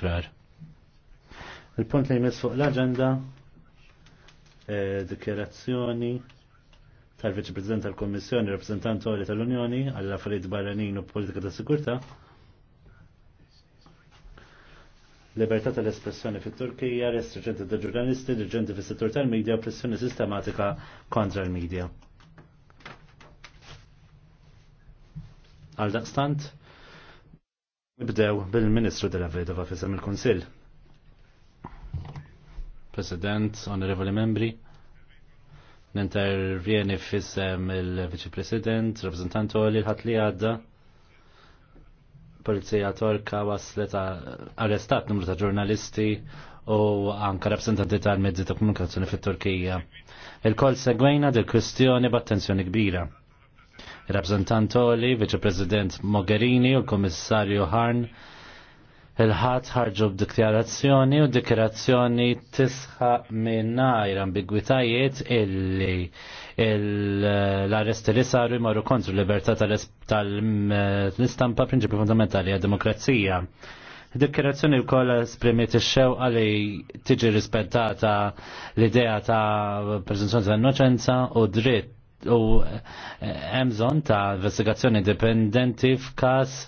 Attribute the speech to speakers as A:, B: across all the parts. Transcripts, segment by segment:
A: frar. Il-punt li jmiss fuq l-agenda eh, dikjerazzjoni tal-Viċi President tal-Kommissjoni, rappresentant għoli tal-Unjoni għall affarijiet barranin u politika ta' sigurtà. Libertà tal-espressjoni fit-Turkija, restriġenti da' ġurnalisti, dirigenti fis-settur tal-medja, pressjoni sistematika kontra l-medja. Għal daqstant, Nibdew bil-Ministru della fisem il-Konsil. President, onorevoli membri, nintervjeni fissem il-Viċi President, rappresentantu li l-ħat li għadda, polizija torka waslet arrestat numru ta' ġurnalisti u anka rappresentanti tal-mezzi ta' komunikazzjoni fit-Turkija. Il-kol segwejna del kwestjoni b'attenzjoni kbira rappresentantoli, viċe-president Mogherini u l-komissarju Harn il-ħat ħarġu b'dikjarazzjoni u dikjarazzjoni tisħa minnajr ambigwitajiet illi l-arresti li saru jmorru kontru l-libertà tal-istampa prinċipi fundamentali għad-demokrazija. Dikjerazzjoni u koll esprimiet ix-xew għalli tiġi rispettata l-idea ta' prezenzjoni tal-innoċenza u dritt u eh, emżon ta' investigazzjoni dipendenti f'kas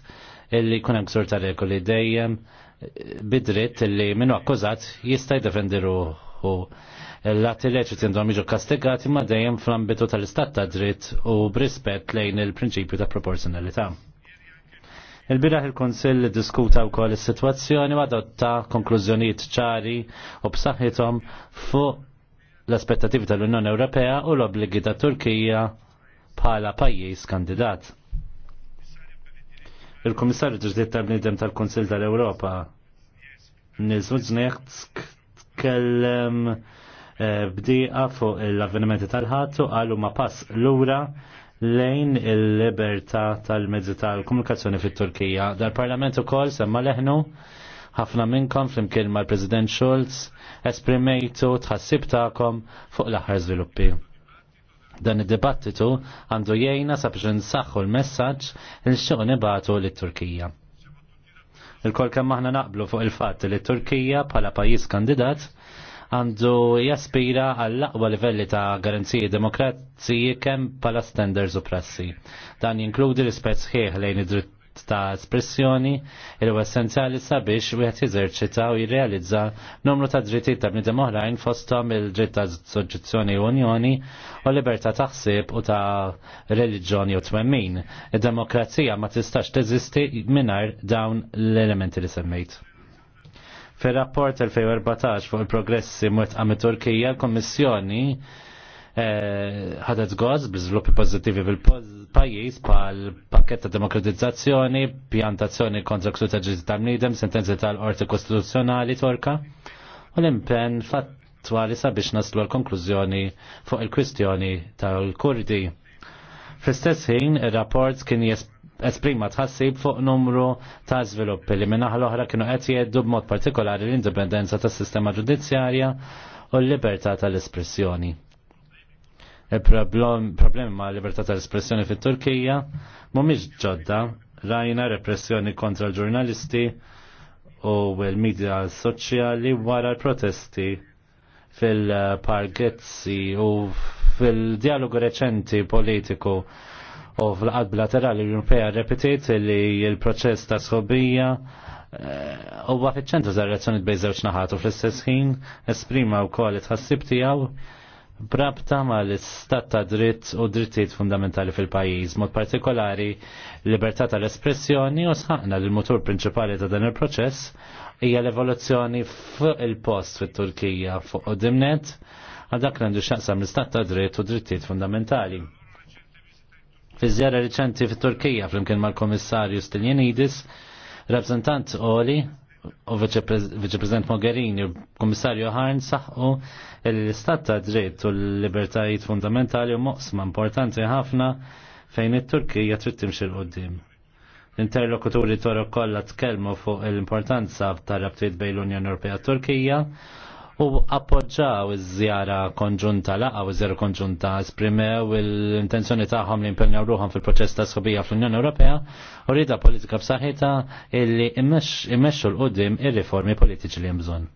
A: illi kun hemm ksur ta' li dejjem eh, bidritt illi minnu akkużat jista' jiddefendi ruħu. L-atti leċi tindom jiġu kastigati ma dejjem fl-ambitu tal-istat ta' dritt u brispet lejn il-prinċipju ta' proporzjonalità. Il-biraħ il-Konsill diskuta wkoll is-sitwazzjoni u adotta konklużjonijiet ċari u b'saħħithom fuq l-aspettativi tal-Unjoni Ewropea u l-obbligi ta' Turkija bħala pajjiż kandidat. Il-Komissarju ġdiet tal-bnidem tal kunsil tal-Ewropa Nils tkellem eh, bdiqa fuq l-avvenimenti tal-ħatu għalu ma pass lura lejn il-libertà tal-mezzi tal-komunikazzjoni fit-Turkija. Dal-Parlament ukoll semma leħnu ħafna minnkom flimkien mal-President Schulz esprimejtu tħassib tagħkom fuq l-aħħar żviluppi. Dan id-dibattitu għandu jgħina sabiex nsaħħu l-messaġġ li xogħol nibatu lit-Turkija. Il-kol kemm aħna naqblu fuq il-fatt li t-Turkija bħala pajjiż kandidat għandu jaspira għall aqwa livelli ta' garanziji demokrazzi kemm bħala standards u prassi. Dan jinkludi rispett sħiħ lejn id-dritt ta' espressjoni il huwa essenzjali sabiex wieħed jizerċita u jirrealizza numru ta' drittijiet ta' bnidem oħrajn fosthom il-dritt ta' soġġizzjoni u unjoni u libertà ta' ħsieb u ta' reliġjoni u twemmin. Id-demokrazija ma tistax teżisti mingħajr dawn l-elementi li semmejt. fir rapport 2014 fuq il-progressi mwet għam Turkija, l-Kommissjoni ħadet għaz b'żviluppi żviluppi pożittivi fil-pajjiż bħal pakket ta' demokratizzazzjoni, pjantazzjoni kontra ksur ta' ġiżi tal-mnidem, sentenzi tal-Qorti Kostituzzjonali Torka u l-impenn fattwali sabiex naslu l-konklużjoni fuq il-kwistjoni tal-Kurdi. Fl-istess ħin, ir-rapport kien esprima tħassib fuq numru ta' sviluppi li minnaħ l-oħra kienu qed jeddu b'mod partikolari l-indipendenza tas-sistema ġudizzjarja u l-libertà tal-espressjoni il-problemi ma' libertà tal-espressjoni fit-Turkija mhumiex ġodda rajna repressjoni kontra l-ġurnalisti u l-medja soċjali wara l-protesti fil-pargetzi u fil-dialogu reċenti politiku u fl-qad bilaterali l-Europea repetit li l-proċess ta' sħobija eh, u għafiċċentu ċentru ta' relazzjoni bejn żewġ naħat u fl-istess ħin esprima wkoll it tħassib tiegħu brabta ma l-istat ta' dritt u drittijiet fundamentali fil-pajjiż, mod partikolari libertà tal-espressjoni u sħaqna l mutur prinċipali ta' dan il-proċess hija l-evoluzzjoni fuq il-post fit-Turkija fuq qudimnet għal dak li għandu xaqsam l-istat ta' dritt u drittijiet fundamentali. Fi żjara riċenti fit-Turkija flimkien mal-Komissarju Stiljenidis, rappresentant Oli u Viċe-President Mogherini u Komissarju ħarn saħu l-istat ta' dritt u l-libertajiet fundamentali u moqsma importanti ħafna fejn it-Turkija trid timxi l-qoddim. L-interlokuturi Toro kollha tkellmu fuq l-importanza ta' rabtiet bejn l-Unjoni Ewropea Turkija u appoġġaw iż-żjara konġunta laqa u żjara konġunta esprimew l-intenzjoni tagħhom li impenjaw ruħhom fil-proċess ta' sħobija fl-Unjoni Ewropea u rida politika b'saħħitha illi immexxu l-qudiem ir-riformi politiċi li hemm bżonn.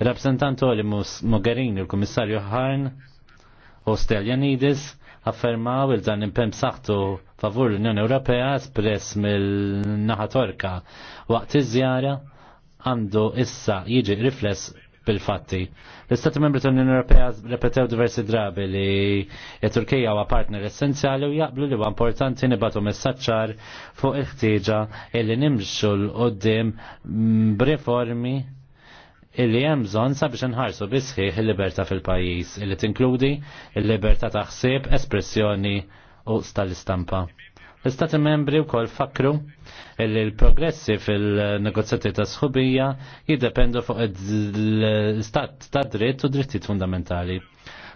A: Il-rappresentant li Mogherini, l kummissarju Harn u Steljanidis affermaw il-dan impem saħtu favur l-Unjoni Ewropea espress mill-naħa torka waqt iż-żjara għandu issa jiġi rifless bil-fatti. L-Istati Membri tal-Unjoni Ewropea repetew diversi drabi li Turkija huwa partner essenzjali u jaqblu li huwa importanti nibatu messaċċar fuq il-ħtieġa illi nimxu l qudiem b'riformi illi hemm bżonn sabiex inħarsu bisħiħ il-libertà fil-pajjiż illi tinkludi il-libertà ta' ħsieb, espressjoni u tal-istampa. L-Istati membri u kol fakru illi l-progressi fil-negozjati ta' sħubija jiddependu fuq l-istat ta' dritt u drittijiet fundamentali.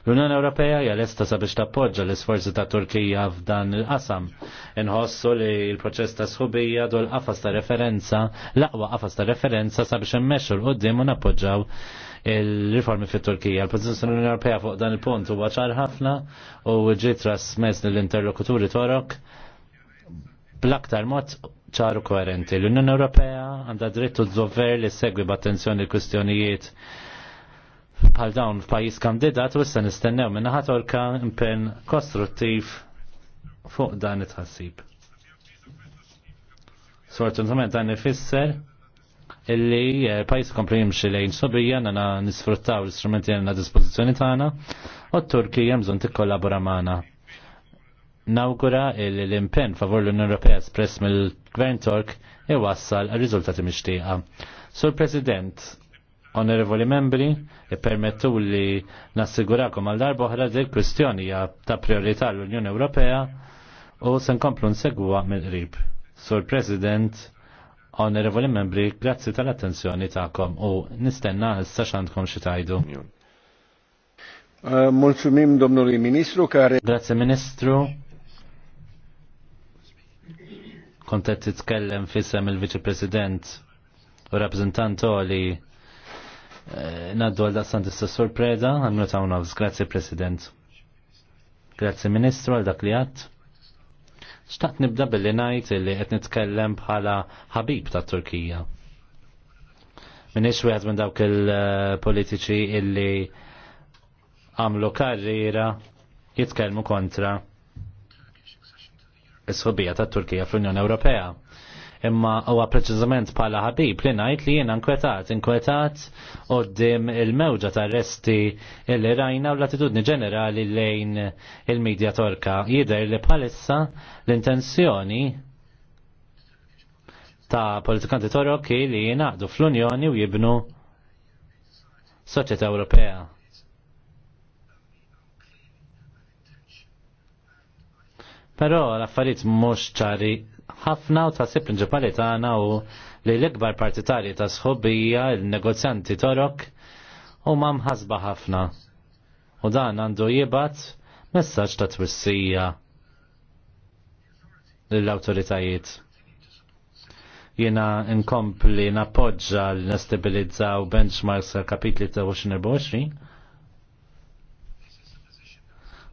A: L-Unjoni Ewropea hija lesta sabiex tappoġġa l-isforzi ta' Turkija f'dan il-qasam. Inħossu li l-proċess ta' sħubija dwar qafas ta' referenza, l-aqwa qafas ta' referenza sabiex immexxu l-qoddim u nappoġġaw il-riformi fit turkija Il-pozizjoni l-Unjoni Ewropea fuq dan il-punt huwa ċar ħafna u ġiet trasmess lill-interlokuturi torok bl-aktar mod ċaru koerenti. L-Unjoni Ewropea għandha drittu d-dover li segwi b'attenzjoni l-kustjonijiet bħal dawn f'pajjiż kandidat u issa nistennew minn naħat orka impenn kostruttiv fuq dan it-ħassib. Sfortunatament dan ifisser illi l-pajjiż eh, kompli jimxi lejn sobija għana nisfruttaw l-istrumenti għana dispożizzjoni tagħna u t-Turkija bżonn tikkollabora magħna nawgura l-impenn favor l-Unjoni Ewropea espress mill-Gvern Tork iwassal e għal riżultati mixtieqa. Sur President, onorevoli membri, permettu li nassigurakom għal darba oħra dil kwistjoni ta' priorità l-Unjoni Ewropea u se nkomplu nsegwa mill-qrib. Sur President, onorevoli membri, grazzi tal-attenzjoni ta'kom u nistenna issa xandkom xi tajdu. Mulțumim, domnului ministru, care... Grazie, ministru kont qed titkellem fissem il-Viċi President u rappresentant li eh, naddu għal daqstant tista' sorpreda għamlu ta' nofs. Grazzi President. Grazzi Ministru għal dak li għat. Xtaqt nibda billi ngħid li qed nitkellem bħala ħabib tat Turkija. Minix wieħed minn dawk il-politiċi illi għamlu karriera jitkellmu kontra is sobija tat Turkija fl-Unjoni Ewropea. Imma huwa preċiżament bħala ħabib li ngħid li jiena nkwetat, inkwetat qudiem il-mewġa ta' arresti li rajna u l-attitudni ġenerali lejn il-medja torka. Jidher li bħalissa l-intenzjoni ta' politikanti Torokki li jingħaqdu fl-Unjoni u jibnu soċjetà Ewropea Però l-affarijiet mhux ċari ħafna u tħassib prinċipali tagħna u li l-ikbar partitarji ta' sħobija il-negozjanti torok u mħasba ħafna. U dan għandu jibat messaġġ ta' twissija lill-awtoritajiet. Jiena nkompli nappoġġa l-nestabilizzaw benchmarks għal kapitli ta' 24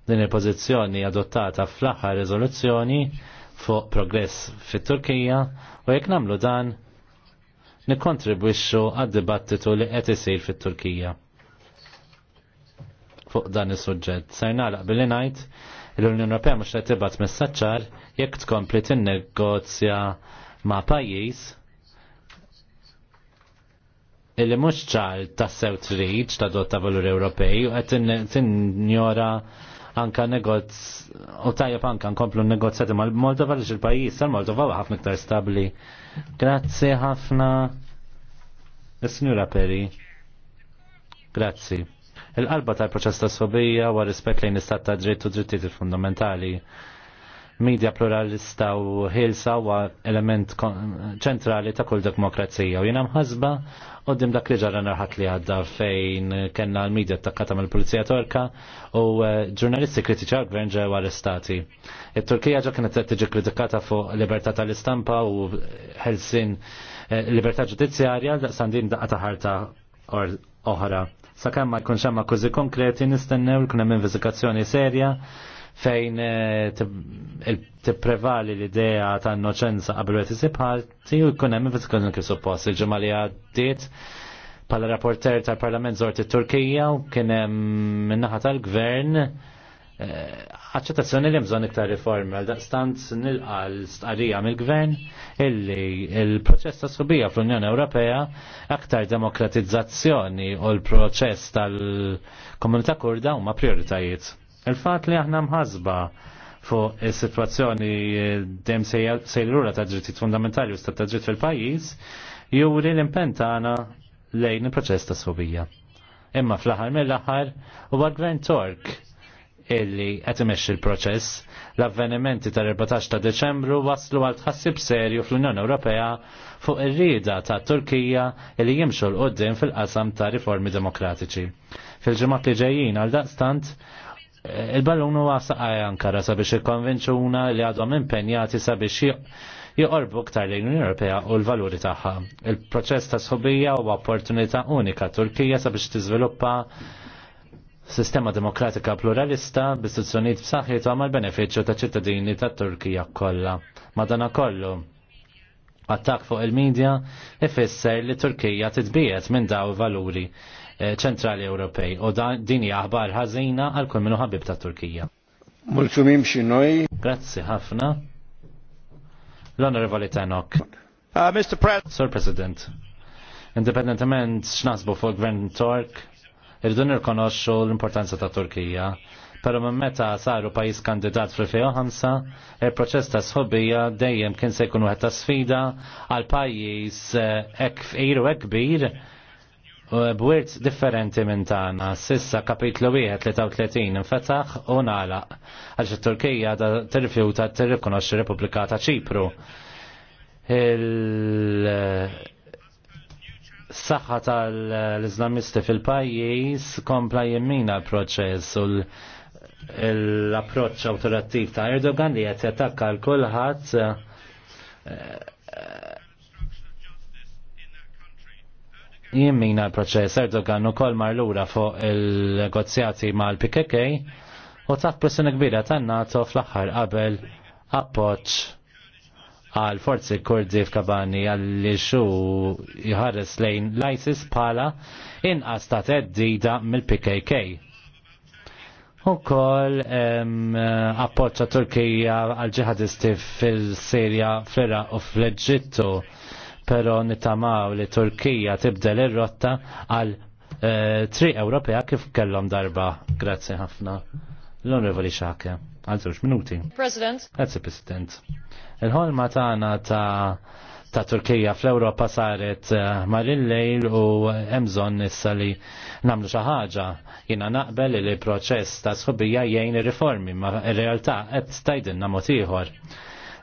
A: Din il-pożizzjoni adottata fl-aħħar riżoluzzjoni fuq progress fit-Turkija u jekk nagħmlu dan nikkontribwixxu għad-dibattitu li qed isir fit-Turkija. Fuq dan is-suġġett se nagħlaq billi ngħid l-Unjoni Ewropea mhux qed tibgħat messaċċar jekk tkompli tinnegozja ma' pajjiż illi mhux ċar tassew trid ta' dotta valur Ewropej u qed tinjora anka negozz u tajjeb anka nkomplu negozjati mal-Moldova li il-pajis tal-Moldova wa ħafna iktar stabbli. Grazzi ħafna is snura Peri. Grazzi. Il-qalba tal-proċess ta' sobija huwa rispett lejn istat ta' dritt u drittijiet fundamentali. Media pluralista u ħilsa huwa element ċentrali ta' kull demokrazija u jenam mħasba Għoddim dak li ġara narħat li għadda fejn kena l-medja attakkata mal pulizija Torka u eh, ġurnalisti kritiċa għal-gvern ġew arrestati. Il-Turkija ġa kienet tiġi kritikata fuq libertà tal-istampa u Helsin eh, libertà ġudizzjarja sandin daqqa taħarta oħra. Sakemm ma jkunx hemm akkużi konkreti nistennew l-kunem hemm investigazzjoni serja fejn eh, tipprevali l-idea ta' innoċenza qabel qed isib ħalti u jkun hemm investigazzjoni kif suppost il-ġimgħa li għaddiet bħala rapporter tal-Parlament żort t turkija u kien hemm min-naħa tal-Gvern eh, Aċċettazzjoni li mżon iktar riformi għal daqstant nilqa l-stqarrija mill-gvern illi il-proċess ta' subija fl-Unjoni Ewropea aktar demokratizzazzjoni u l-proċess tal-komunità kurda huma prioritajiet. Il-fat li aħna mħazba fuq is-sitwazzjoni dem sejlura ta' drittijiet fundamentali u stat ta' dritt fil-pajjiż, juri l impenta għana lejn il-proċess ta' sħubija. Imma fl-aħħar mill-aħħar huwa Glenn Tork illi qed imexxi l-proċess. L-avvenimenti tal-14 ta' Deċembru waslu għal tħassib serju fl-Unjoni Ewropea fuq ir-rieda ta' Turkija illi jimxu l-qoddim fil-qasam ta' riformi demokratiċi. Fil-ġimgħat li ġejjin għal daqstant Il-ballun huwa saqaj Ankara sabiex ikkonvinċuna li għadhom impenjati sabiex joqorbu ktar lill l-Unjoni Ewropea u l-valuri tagħha. Il-proċess ta' sħobija huwa opportunità unika Turkija sabiex tiżviluppa sistema demokratika pluralista b'istituzzjonijiet b'saħħitu għamal benefiċċju ta' ċittadini ta' Turkija kollha. Madanakollu attak fuq il-medja ifisser li Turkija titbiet minn daw valuri. Eh, ċentrali Ewropej u din hija aħbar ħażina għal kull minnu ħabib ta' Turkija. Mulċumim noi. Grazzi ħafna. L-Onorevoli Tenok. Uh, Mr. President. Sir President. Indipendentement x'nasbu fuq gvern Tork, irridu nirkonoxxu l-importanza ta' Turkija. Pero minn meta saru pajis kandidat fl 2005 il-proċess ta' sħobija dejjem kien se jkun wieħed ta' sfida għal pajjiż eh, ek fqir u kbir b'wirt differenti minn tagħna. Sissa kapitlu wieħed 33 infetaħ u nala, għax it-Turkija da tirrifjuta tirrikonoxxi Repubblika ta' Ċipru. Il saħħa tal-Islamisti fil-pajjiż kompla jemmina l-proċess u l-approċċ awtorattiv ta' Erdogan li qed jattakka l kulħadd eh, jimmina l-proċess Erdogan u kol marlura fuq il-negozjati ma' l-PKK u taħt pressjoni kbira tan NATO fl-axħar qabel appoċ għal forzi kurdi f'Kabani għalli xu jħares lejn l-ISIS pala inqas ta' teddida mill-PKK. U kol appoċa Turkija għal ġihadisti fil-Sirja, fl-Iraq u fl-Eġittu. fl u fl eġittu pero nitamaw li Turkija tibdel ir-rotta għal eh, tri Ewropea kif kellhom darba. Grazzi ħafna. L-Onorevoli Xake, għal żewġ minuti. President. Grazzi President. Il-ħolma tagħna ta' ta' Turkija fl-Ewropa saret eh, lejl u emżon issa li namlu xi ħaġa. Jiena naqbel li proċess ta' sħubija jgħin reformi ma' ir-realtà qed tajdinna mod ieħor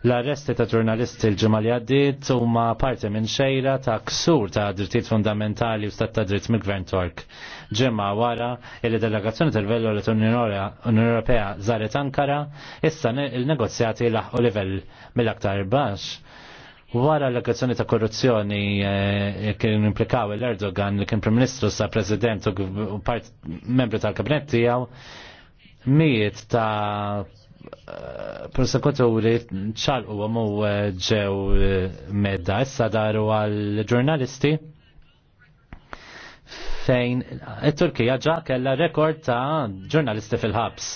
A: L-arresti ta' ġurnalisti l-ġimma li għaddit huma parti minn xejra ta' ksur ta' drittijiet fundamentali u stat ta' dritt mill-Gvern Tork. Ġemma wara il-delegazzjoni tal-vello l unjoni Ewropea żaret Ankara, issa il-negozjati laħqu livell mill-aktar bax. Wara l-akkazzjoni ta' korruzzjoni eh, kien implikaw l-Erdogan li kien Prim-Ministru sa' President u part membru tal-Kabinet tiegħu miet ta' prosekuturi u għamu eh, ġew eh, medda, issa daru għal ġurnalisti fejn il-Turkija eh, ġa kella rekord ta' ġurnalisti fil-ħabs.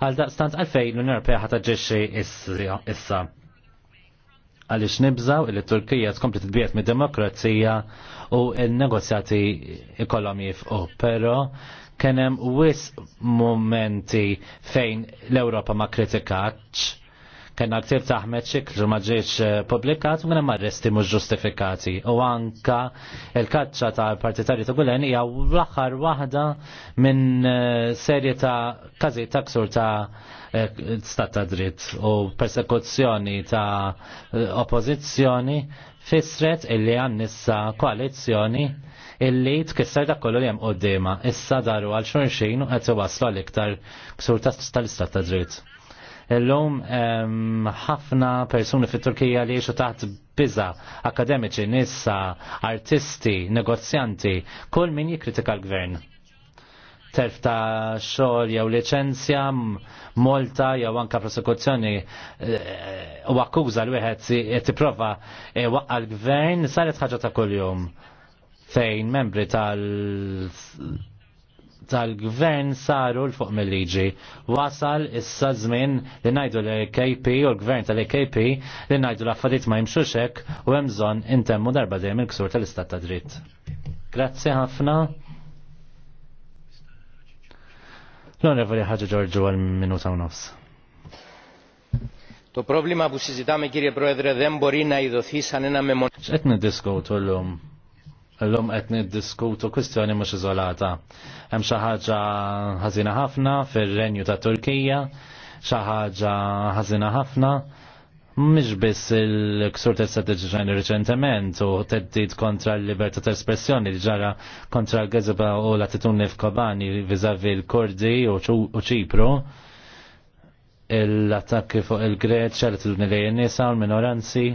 A: Għal għal għalfejn l-Unjoni Ewropea ħataġġiexxi issa. Għaliex nibżaw il turkija tkompli tbiet mid-demokrazija u il-negozjati ikollhom jifqu, pero kienem wis momenti fejn l-Europa ma kritikaċ kena ktib taħmet Ahmed Xikr ma ġiex eh, publikat ma arresti mhux ġustifikati. U anka il-kaċċa ta' partitarju ta' Gulen hija l-aħħar waħda minn eh, serje ta' każi ta' ksur ta' eh, stat ta' dritt u persekuzzjoni ta' oppożizzjoni fisret illi għannissa koalizjoni illi tkisser dak kollu li hemm qudiema issa daru għal xorxin u qed waslu għal iktar ksur tal-istat ta' dritt. Illum ħafna persuni fit turkija li jiexu taħt biza, akademiċi, nissa, artisti, negozjanti, kull min jikritika l-gvern. Terf ta' xogħol jew licenzja, molta jew anka prosekuzzjoni eh, u akkuża l wieħed qed tipprova eh, waqqa l-gvern saret ħaġa ta' kuljum fejn membri tal- tal-gvern saru l-fuq mill-liġi. Wasal issa żmien li ngħidu l-KP u l-gvern tal-KP li ngħidu l-affarijiet ma jimxux hekk u hemm bżonn intemmu darba dejjem il-ksur tal-istat ta' dritt. Grazzi ħafna. L-onorevoli ħaġa Ġorġu għal minuta u nofs. Το πρόβλημα που συζητάμε κύριε Πρόεδρε δεν μπορεί να ειδωθεί σαν ένα μεμονωμένο. Σε τι να λόγω l-lum qed niddiskutu kwistjoni mhux iżolata. Hemm xi ħaġa ħażina ħafna fir-renju ta' Turkija, xi ħaġa ħażina ħafna mhix biss il-ksur tas-satiġġen riċentement u teddid kontra l-libertà ta' espressjoni li ġara kontra l-Gezeba u l-attitudni f'Kobani viżavi l kordi u Ċipru l-attakki fuq il-Greċa li t-luni li u l-minoranzi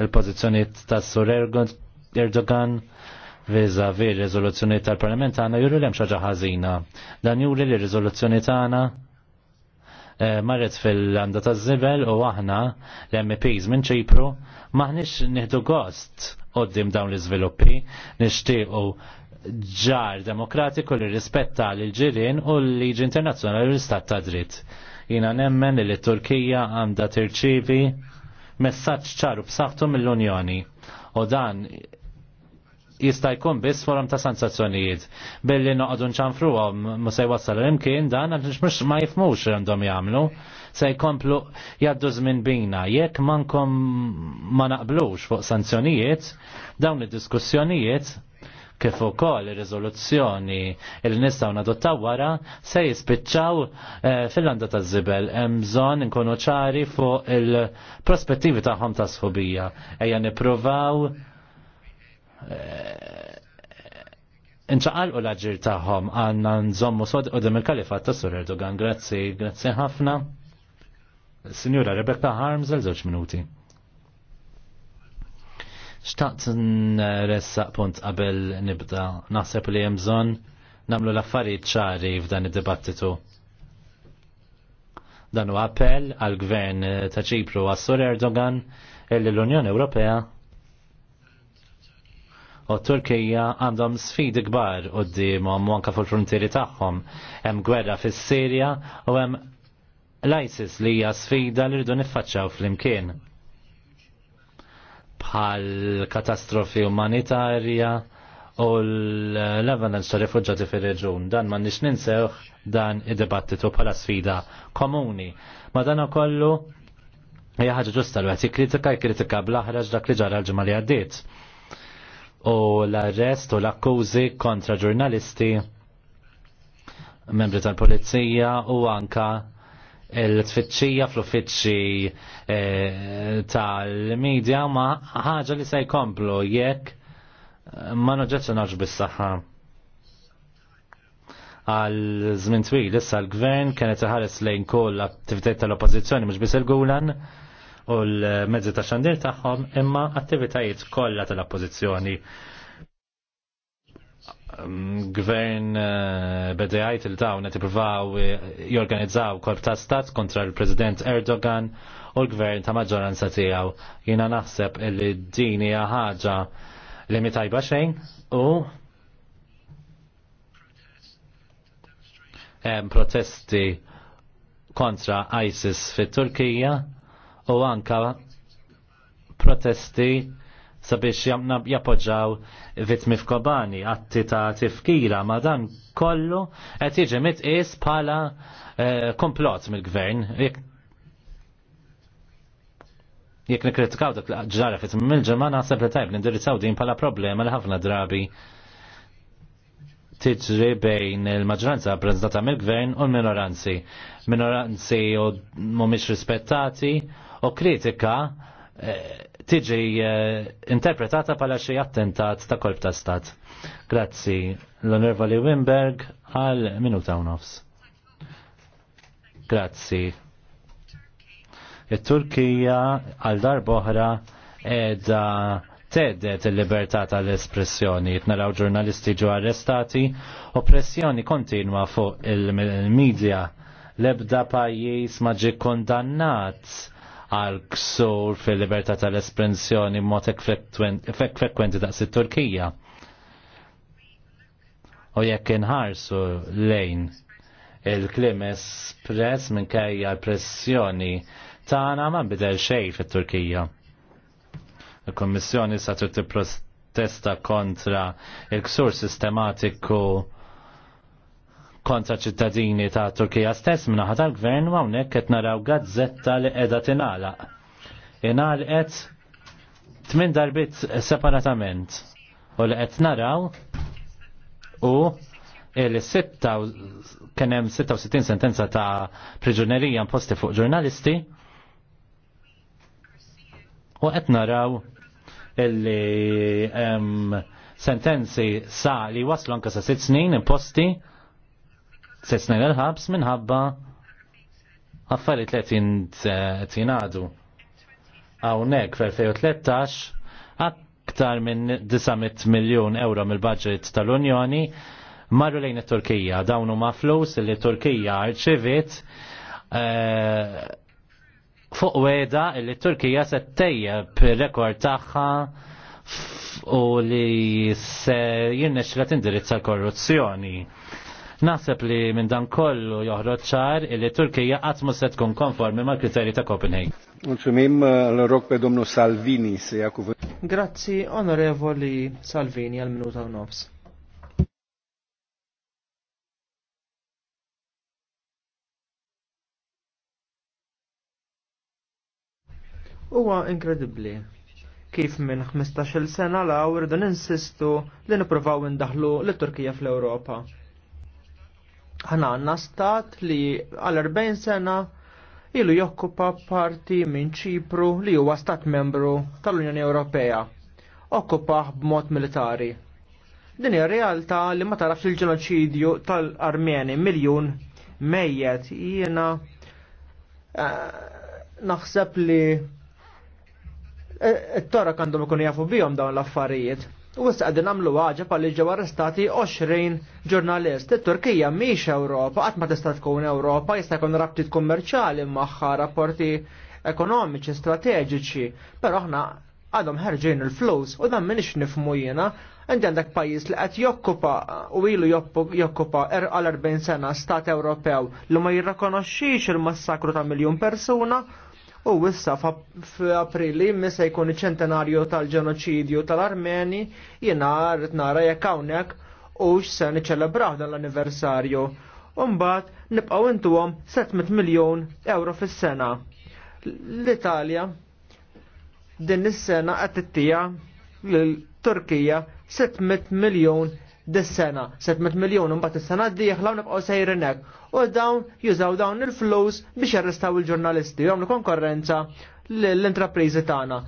A: il pożizzjonijiet tas-sur Ergon Erdogan viza vi rizoluzzjoni tal-Parlament għana juru l xaġa ħażina. Dan juru li rizoluzzjoni tagħna eh, marret fil-għanda ta' zibel u aħna l-MPs minn ċipru maħnix nieħdu gost għoddim dawn l-iżviluppi nixtiequ ġar demokratiku li rispetta l ġirien u l-liġi internazzjonali u l-istat ta' dritt. Jina nemmen li Turkija għandha tirċivi messaġġ ċaru b'saħħtu mill-Unjoni u dan jista' jkun biss forum ta' sensazzjonijiet. Billi noqogħdu nċanfruhom ma se jwassal l-imkien dan għaliex mhux ma jifmux għandhom jagħmlu. Se jkomplu jgħaddu żmien bina jekk mankom ma naqblux fuq sanzjonijiet, dawn id-diskussjonijiet kif ukoll ir-riżoluzzjoni li nistgħu nadottaw wara se jispiċċaw eh, fil-landa taż-żibel hemm bżonn inkunu ċari fuq il-prospettivi tagħhom ta' sħubija. Ejja nippruvaw Eh, Inċaqal u l taħħom għanna nżommu sod u dim il-kalifat ta' Sur Erdogan. Grazzi, grazzi ħafna. Signora Rebecca Harms, għal minuti xtaqt n ressa punt qabel nibda naħseb li jemżon namlu l-affarijiet ċari f'dan id-dibattitu. Dan u appell għal-gvern ta' ċipru għas-Sur Erdogan illi l-Unjoni Ewropea u Turkija għandhom sfidi kbar dimom u anke fil-frontieri tagħhom. Hemm gwerra fis-Sirja u hemm l-ISIS li hija sfida li rridu niffaċċaw flimkien. Bħal katastrofi umanitarja u l-avalanċ ta' rifugġati fir-reġun. Dan ma nix ninsewħ dan id-dibattitu bħala sfida komuni. Ma dan kollu hija ħaġa ġusta l għati kritika kritika bl ħraġ dak li ġara l ġemali li għaddiet u l-arrest u l-akkużi kontra ġurnalisti, membri tal-polizija u anka il-tfittxija fl-uffiċċji e, eh, tal-medja ma ħaġa li se jkomplu jekk eh, ma noġġeċ naġ bis-saħħa. Għal żmien twil issa l-gvern kienet iħares lejn kull attivitajiet tal-oppożizzjoni mhux biss il-Gulan, u l-mezzi ta' xandir tagħhom imma attivitajiet kollha tal-oppożizzjoni. Gvern eh, bedejajt il-dawn qed ippruvaw eh, jorganizzaw korp ta' stat kontra l-President Erdogan u l-gvern ta' maġġoranza tiegħu. Jiena naħseb li din hija ħaġa li mi tajba xejn u protesti kontra ISIS fit-Turkija u anka protesti sabiex jappoġġaw vitmi f'Kobani, atti ta' tifkira, ma dan kollu qed jiġi mitqis bħala eh, komplot mill-gvern. Jekk nikritikaw dak ġara fit mill-ġemma naħseb li tajb nindirizzaw din bħala problema li ħafna drabi tiġri bejn il-maġranza prezentata mill-gvern u l-minoranzi. Minoranzi u mhumiex rispettati u kritika eh, tiġi eh, interpretata pala xi attentat ta' kolb ta' stat. Grazzi l-Onorevoli Wimberg għal minuta u nofs. Grazzi. Il-Turkija għal darboħra edha tedet il-libertà tal-espressjoni, tnaraw ġurnalisti ġu arrestati, u pressjoni kontinwa fuq il-medja lebda pajjiż ma kondannat għal ksur fil-libertà tal-esprensjoni mod frekwenti daqs it-Turkija. U jekk inħarsu lejn il-klim espress minkejja pressjoni tagħna ma bidel xej fit-Turkija. Il-Kommissjoni sa trid protesta kontra il-ksur sistematiku kontra ċittadini ta' Turkija stess minnaħat tal-gvern ma' unnek qed naraw gazzetta li qiegħda Inal Ingħalqet tmin darbit separatament u li qed naraw u il hemm 66 sentenza ta' priġunerija imposti fuq ġurnalisti u qed naraw illi sentenzi sa' li waslu anka sa' sit snin imposti sessna l-ħabs minħabba affarijiet li qed jingħadu. Hawnhekk fl-2013 aktar minn 900 miljun euro mill-budget tal-Unjoni marru lejn it-Turkija. Dawn huma flus li Turkija arċivit eh, fuq weda li Turkija se tejjeb rekord tagħha u li se indirizza tindirizza korruzzjoni. Naħseb li minn dan kollu joħroġ ċar li Turkija qatt mhux se tkun konformi mal-kriterji ta' Copenhagen. Mulțumim,
B: l rog pe Salvini se ia Grazzi, onorevoli Salvini, al minuta nofs. Huwa inkredibbli kif minn 15-il sena l-għawr dan insistu li nipruvaw indaħlu l-Turkija fl-Ewropa ħana għanna stat li għal-40 sena ilu jokkupa parti minn ċipru li huwa stat membru tal-Unjoni Ewropea. Okkupa b'mod militari. Din hija realtà li ma tarafx il-ġenoċidju tal-Armeni miljun mejjet jiena eh, naħseb li eh, t tora għandhom ikun jafu bihom dawn l-affarijiet. U issa qegħdin nagħmlu ħaġa palli ġew arrestati 20 ġurnalist. It-Turkija mhix Ewropa, qatt ma tista' tkun Ewropa, jista' jkun rabtit kummerċjali magħha rapporti ekonomiċi, strateġiċi, però aħna għadhom ħerġin il-flus u dan minix nifmu jiena għandi għandek pajjiż li qed jokkupa u ilu jokkupa er għal 40 sena stat Ewropew li ma jirrakonoxxix il-massakru ta' miljun persuna u issa f'April imma se jkun iċ-ċentenarju tal-ġenoċidju tal-Armeni jiena rrid nara jekk hawnhekk u x'se niċċelebraw dan l-anniversarju. mbagħad nibqgħu intuhom 700 miljun euro fis-sena. L-Italja din is-sena qed tittija lil Turkija 600 miljun dis-sena, 700 miljon mbagħad is-sena d-dieħla nibqgħu sejrin hekk u dawn jużaw dawn il-flus biex jarrestaw il-ġurnalisti jagħmlu konkurrenza l-intrapriżi tagħna.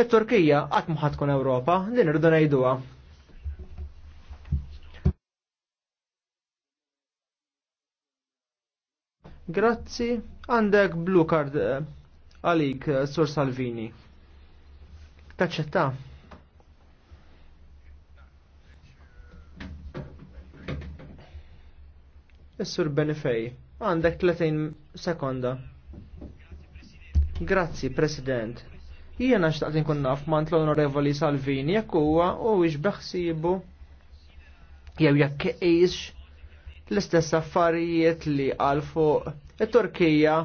B: It-Turkija qatt ma tkun Ewropa, din irridu ngħiduha. Grazzi, għandek blue card eh, għalik, eh, Sur Salvini. Taċċetta. Is-Sur Benifej, għandek 30 sekonda. Grazzi, President. Jiena xtaqt inkun naf mant l-Onorevoli Salvini jekk huwa u wiex beħsibu jew jekk qisx l-istess affarijiet li għal fuq it-Turkija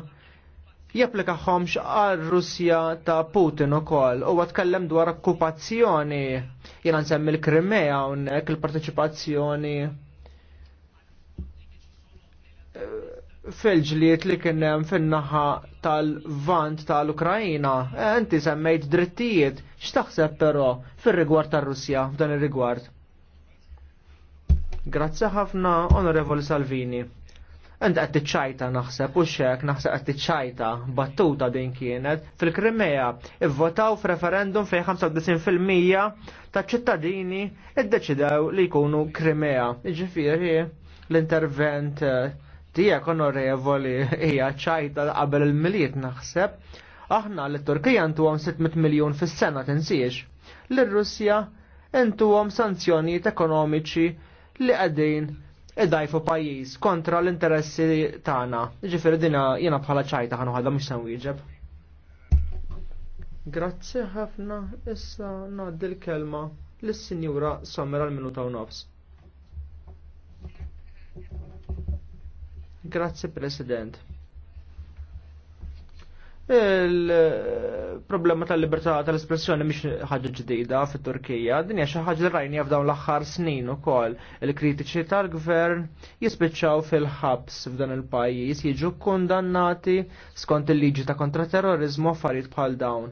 B: japplikahomx għal Russja ta' Putin u koll u għatkellem dwar okkupazzjoni jena nsemmi l-Krimea unnek il-parteċipazzjoni fil-ġliet li kien hemm fin-naħa tal-vant tal-Ukrajina. Eh, inti semmejt drittijiet, x'taħseb però fir-rigward tar-Russja f'dan ir-rigward? Grazzi ħafna, Onorevoli Salvini. Enti qed tiċċajta naħseb u xek naħseb għatti tiċċajta battuta din kienet fil-Krimea ivvotaw f'referendum fejn 95% ta' ċittadini iddeċidew li jkunu Krimea. Jiġifieri l-intervent eh, Tijak konorevoli hija ċajta qabel il-miliet naħseb. Aħna l turkija għom 600 miljun fis-sena tinsiex. L-Russja intuhom sanzjonijiet ekonomiċi li qegħdin id-dajfu pajjiż kontra l-interessi tagħna. Ġifieri dina jiena bħala ċajta għanu għadha mux sanwieġeb. Grazzi ħafna, issa ngħaddi l-kelma lis-Sinjura Sommer għal minuta u nofs. Grazzi President. Il-problema eh, tal-libertà tal-espressjoni mhix ħaġa ġdida fit-Turkija, din hija xi ħaġa li rajnija f'dawn l-aħħar snin ukoll. Il-kritiċi tal-gvern jispiċċaw fil-ħabs f'dan il-pajjiż jiġu kundannati skont il-liġi ta' kontraterrorizmu affarijiet bħal dawn.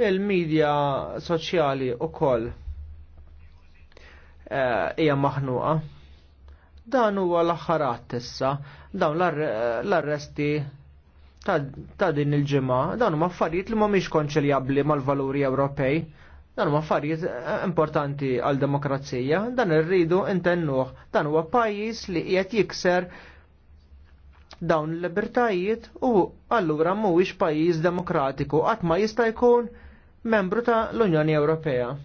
B: Il-medja soċjali ukoll eh, hija maħnuqa Dan huwa l-aħħar att issa, dawn l-arresti ta' din il-ġimgħa, dawn huma affarijiet li mhumiex konċiljabbli mal-valuri Ewropej. Dan huma affarijiet eh, importanti għal demokrazija, dan irridu intennuh, dan huwa pajjiż li qiegħed jikser dawn l-libertajiet u allura mhuwiex pajjiż demokratiku qatt ma jista' jkun membru ta' l-Unjoni Ewropea.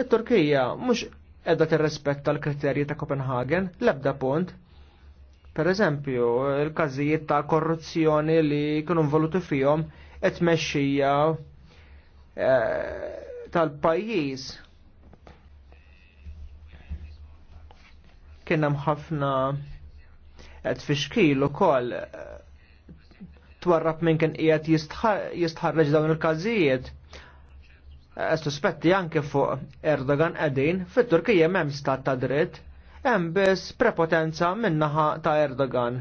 B: Il-Turkija mhux qiegħda tirrispetta l-kriterji ta' Copenhagen l-ebda punt. Per eżempju, il-każijiet ta' korruzzjoni li kienu voluti fihom qed tmexxija eh, tal-pajjiż kien hemm ħafna qed eh, fixkil ukoll eh, twarrab minn kien qiegħed jistħarreġ dawn il-każijiet. Eh, sospetti anke fuq Erdogan qegħdin fit-Turkija m'hemm stat ta' dritt, hemm biss prepotenza minnaħa ta' Erdogan.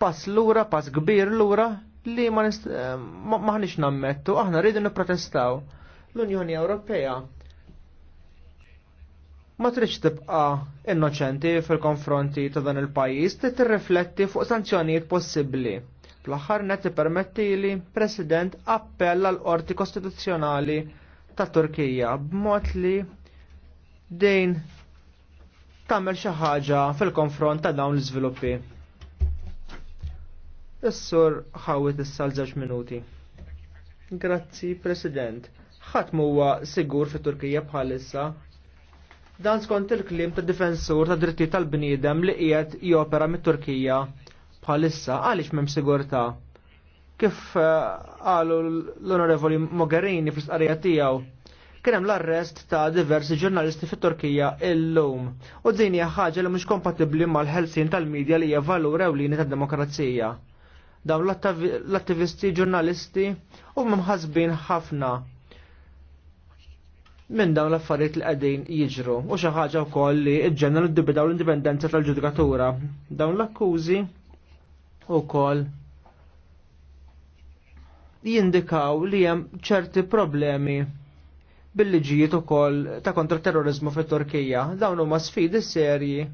B: Pass lura, pass kbir lura li eh, maħniex nammettu, aħna rridu nipprotestaw. L-Unjoni Ewropea ma tridx tibqa innoċenti fil-konfronti ta' dan il-pajjiż li tirrifletti fuq sanzjonijiet possibbli. Fl-aħħar net ipermetti li President appella l-Qorti Kostituzzjonali ta' Turkija b'mod li dejn tagħmel xi ħaġa fil-konfront ta' dawn l-iżviluppi. Is-sur ħawit issa l minuti. Grazzi, President. Ħadd huwa sigur fit-Turkija bħalissa dan skont il-klim ta' difensur ta' drittijiet tal-bniedem li qiegħed jopera mit-Turkija bħalissa għaliex m'hemm sigurtà. Kif eh, għalu l-Onorevoli Mogherini fl-istqarija tiegħu kien hemm l-arrest ta' diversi ġurnalisti fit-Turkija illum. U din hija ħaġa li mhux kompatibbli mal-ħelsin tal-medja li hija valur ewlieni tad-demokrazija. Dawn l-attivisti ġurnalisti u mħasbin ħafna minn dawn l-affarijiet li qegħdin jiġru u xi ħaġa wkoll li ġġenna l dibidaw l-indipendenza tal-ġudikatura. Dawn l-akkużi wkoll jindikaw li hemm ċerti problemi bil-liġijiet ukoll ta' kontraterrorizmu fit turkija Dawn huma sfidi serji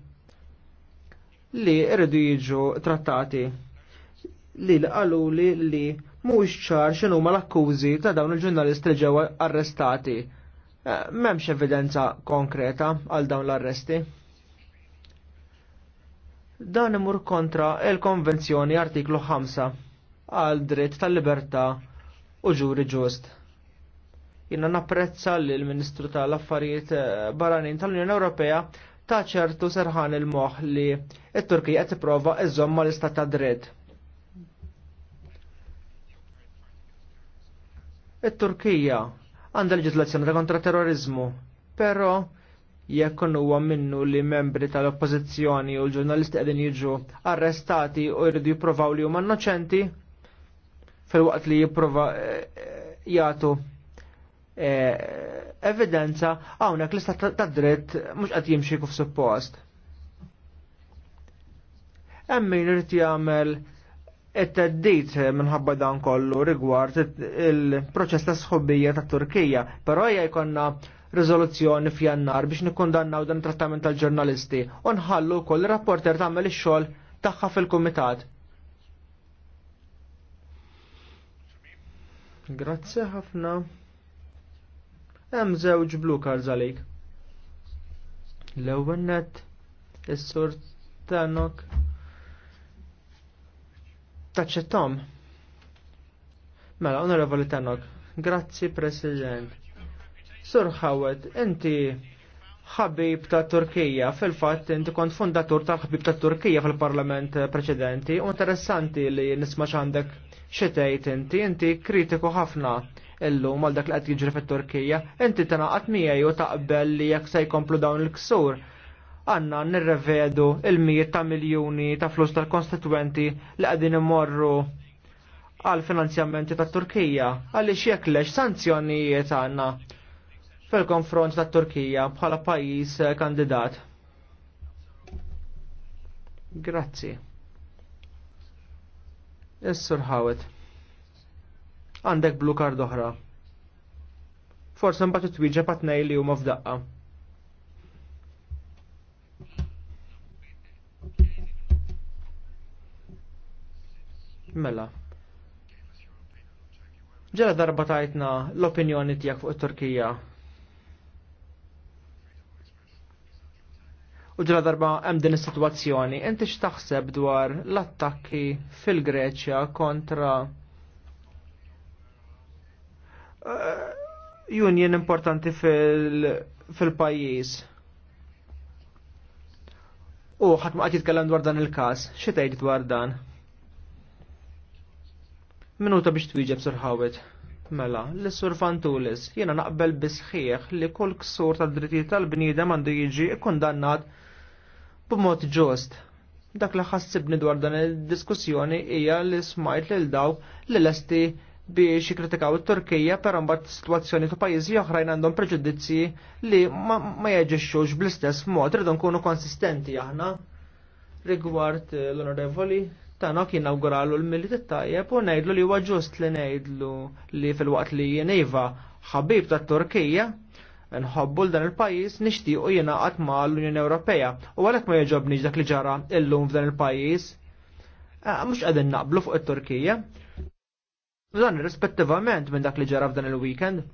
B: li rridu jiġu trattati li l li li mhux ċar x'inhu l-akkużi ta' dawn il-ġurnalisti li ġew arrestati. Eh, m'hemmx evidenza konkreta għal dawn l-arresti. Dan imur kontra il-Konvenzjoni artiklu 5 għal dritt tal-libertà u ġuri ġust. Jina napprezza li l-Ministru tal-Affarijiet eh, Baranin tal-Unjoni Ewropea ta' ċertu serħan il-moħ li it-Turkija qed tipprova iżomma l-istat ta' dritt. it-Turkija għandha leġislazzjoni ta' kontraterrorizmu, però jekk huwa minnu li membri tal-oppożizzjoni u l-ġurnalisti qegħdin jiġu arrestati u jridu jippruvaw li huma innoċenti, fil-waqt li jipprova eh, eh, jagħtu eh, evidenza hawnhekk l-istat ta' dritt mhux qed jimxi kuf suppost. Hemm min irid jagħmel it-teddit minħabba dan kollu rigward il-proċess ta' sħobbija ta' Turkija, però jgħaj jkollna riżoluzzjoni f'jannar biex nikkondannaw dan trattament tal-ġurnalisti u nħallu wkoll ir rapporter tagħmel ix-xogħol tagħha fil-kumitat. Grazzi ħafna. Hemm żewġ blu cards għalik. L-ewwel net is-sur tagħnok taċċettom. Mela, onorevoli tagħnok, grazzi President. Sur Howard, inti ħabib ta' Turkija. Fil-fatt inti kont fundatur tal-ħabib ta' Turkija fil-parlament preċedenti u interessanti li nisma' x'għandek xi tgħid inti, inti kritiku ħafna illum għal dak li qed jiġri fit-Turkija. Inti tana miegħi u taqbel li jekk se jkomplu dawn il-ksur għanna nirrevedu il-mijiet ta' miljoni ta' flus tal-konstituenti li għadin immorru għal finanzjamenti ta' Turkija għalli xieklex sanzjonijiet għanna fil-konfront tat Turkija bħala pajjiż eh, kandidat. Grazzi. Is-Sur Hawet. Għandek blu kard oħra. Forse mbagħad twieġeb patnej li huma f'daqqa. Mela. Ġela darba tajtna l-opinjoni tiegħek fuq it-Turkija U ġra darba hemm din is-sitwazzjoni, inti x'taħseb dwar l-attakki fil-Greċja kontra eh, union importanti fil-pajjiż. U ħadd ma qed jitkellem dwar dan il-każ, xi tgħid dwar dan? Minuta biex twieġeb Sir Ħawet. Mela, l-Sur Fantulis, jiena naqbel bisħieħ li kull ksur tad drittijiet tal-bniedem għandu jiġi kkundannat b'mod ġost. Dak li ħassibni dwar dan il-diskussjoni hija li smajt lil daw li lesti biex jikritikaw it-Turkija per mbagħad situazzjoni ta' pajjiżi oħrajn għandhom preġudizzji li ma, ma jeġixxux bl-istess mod, rridu nkunu konsistenti aħna rigward l-onorevoli tagħna inauguralu l-milli tajjeb u ngħidlu li huwa ġust li ngħidlu li fil-waqt li jien iva ħabib tat-Turkija nħobbu l dan il-pajis nixtiequ jingħaqad għatma l-Unjoni Ewropea u għalhekk ma jogħġobniex dak li ġara l-lum f'dan il-pajis. Eh, mhux qegħdin naqblu fuq it-Turkija. Dan rispettivament minn dak li ġara f'dan il-weekend.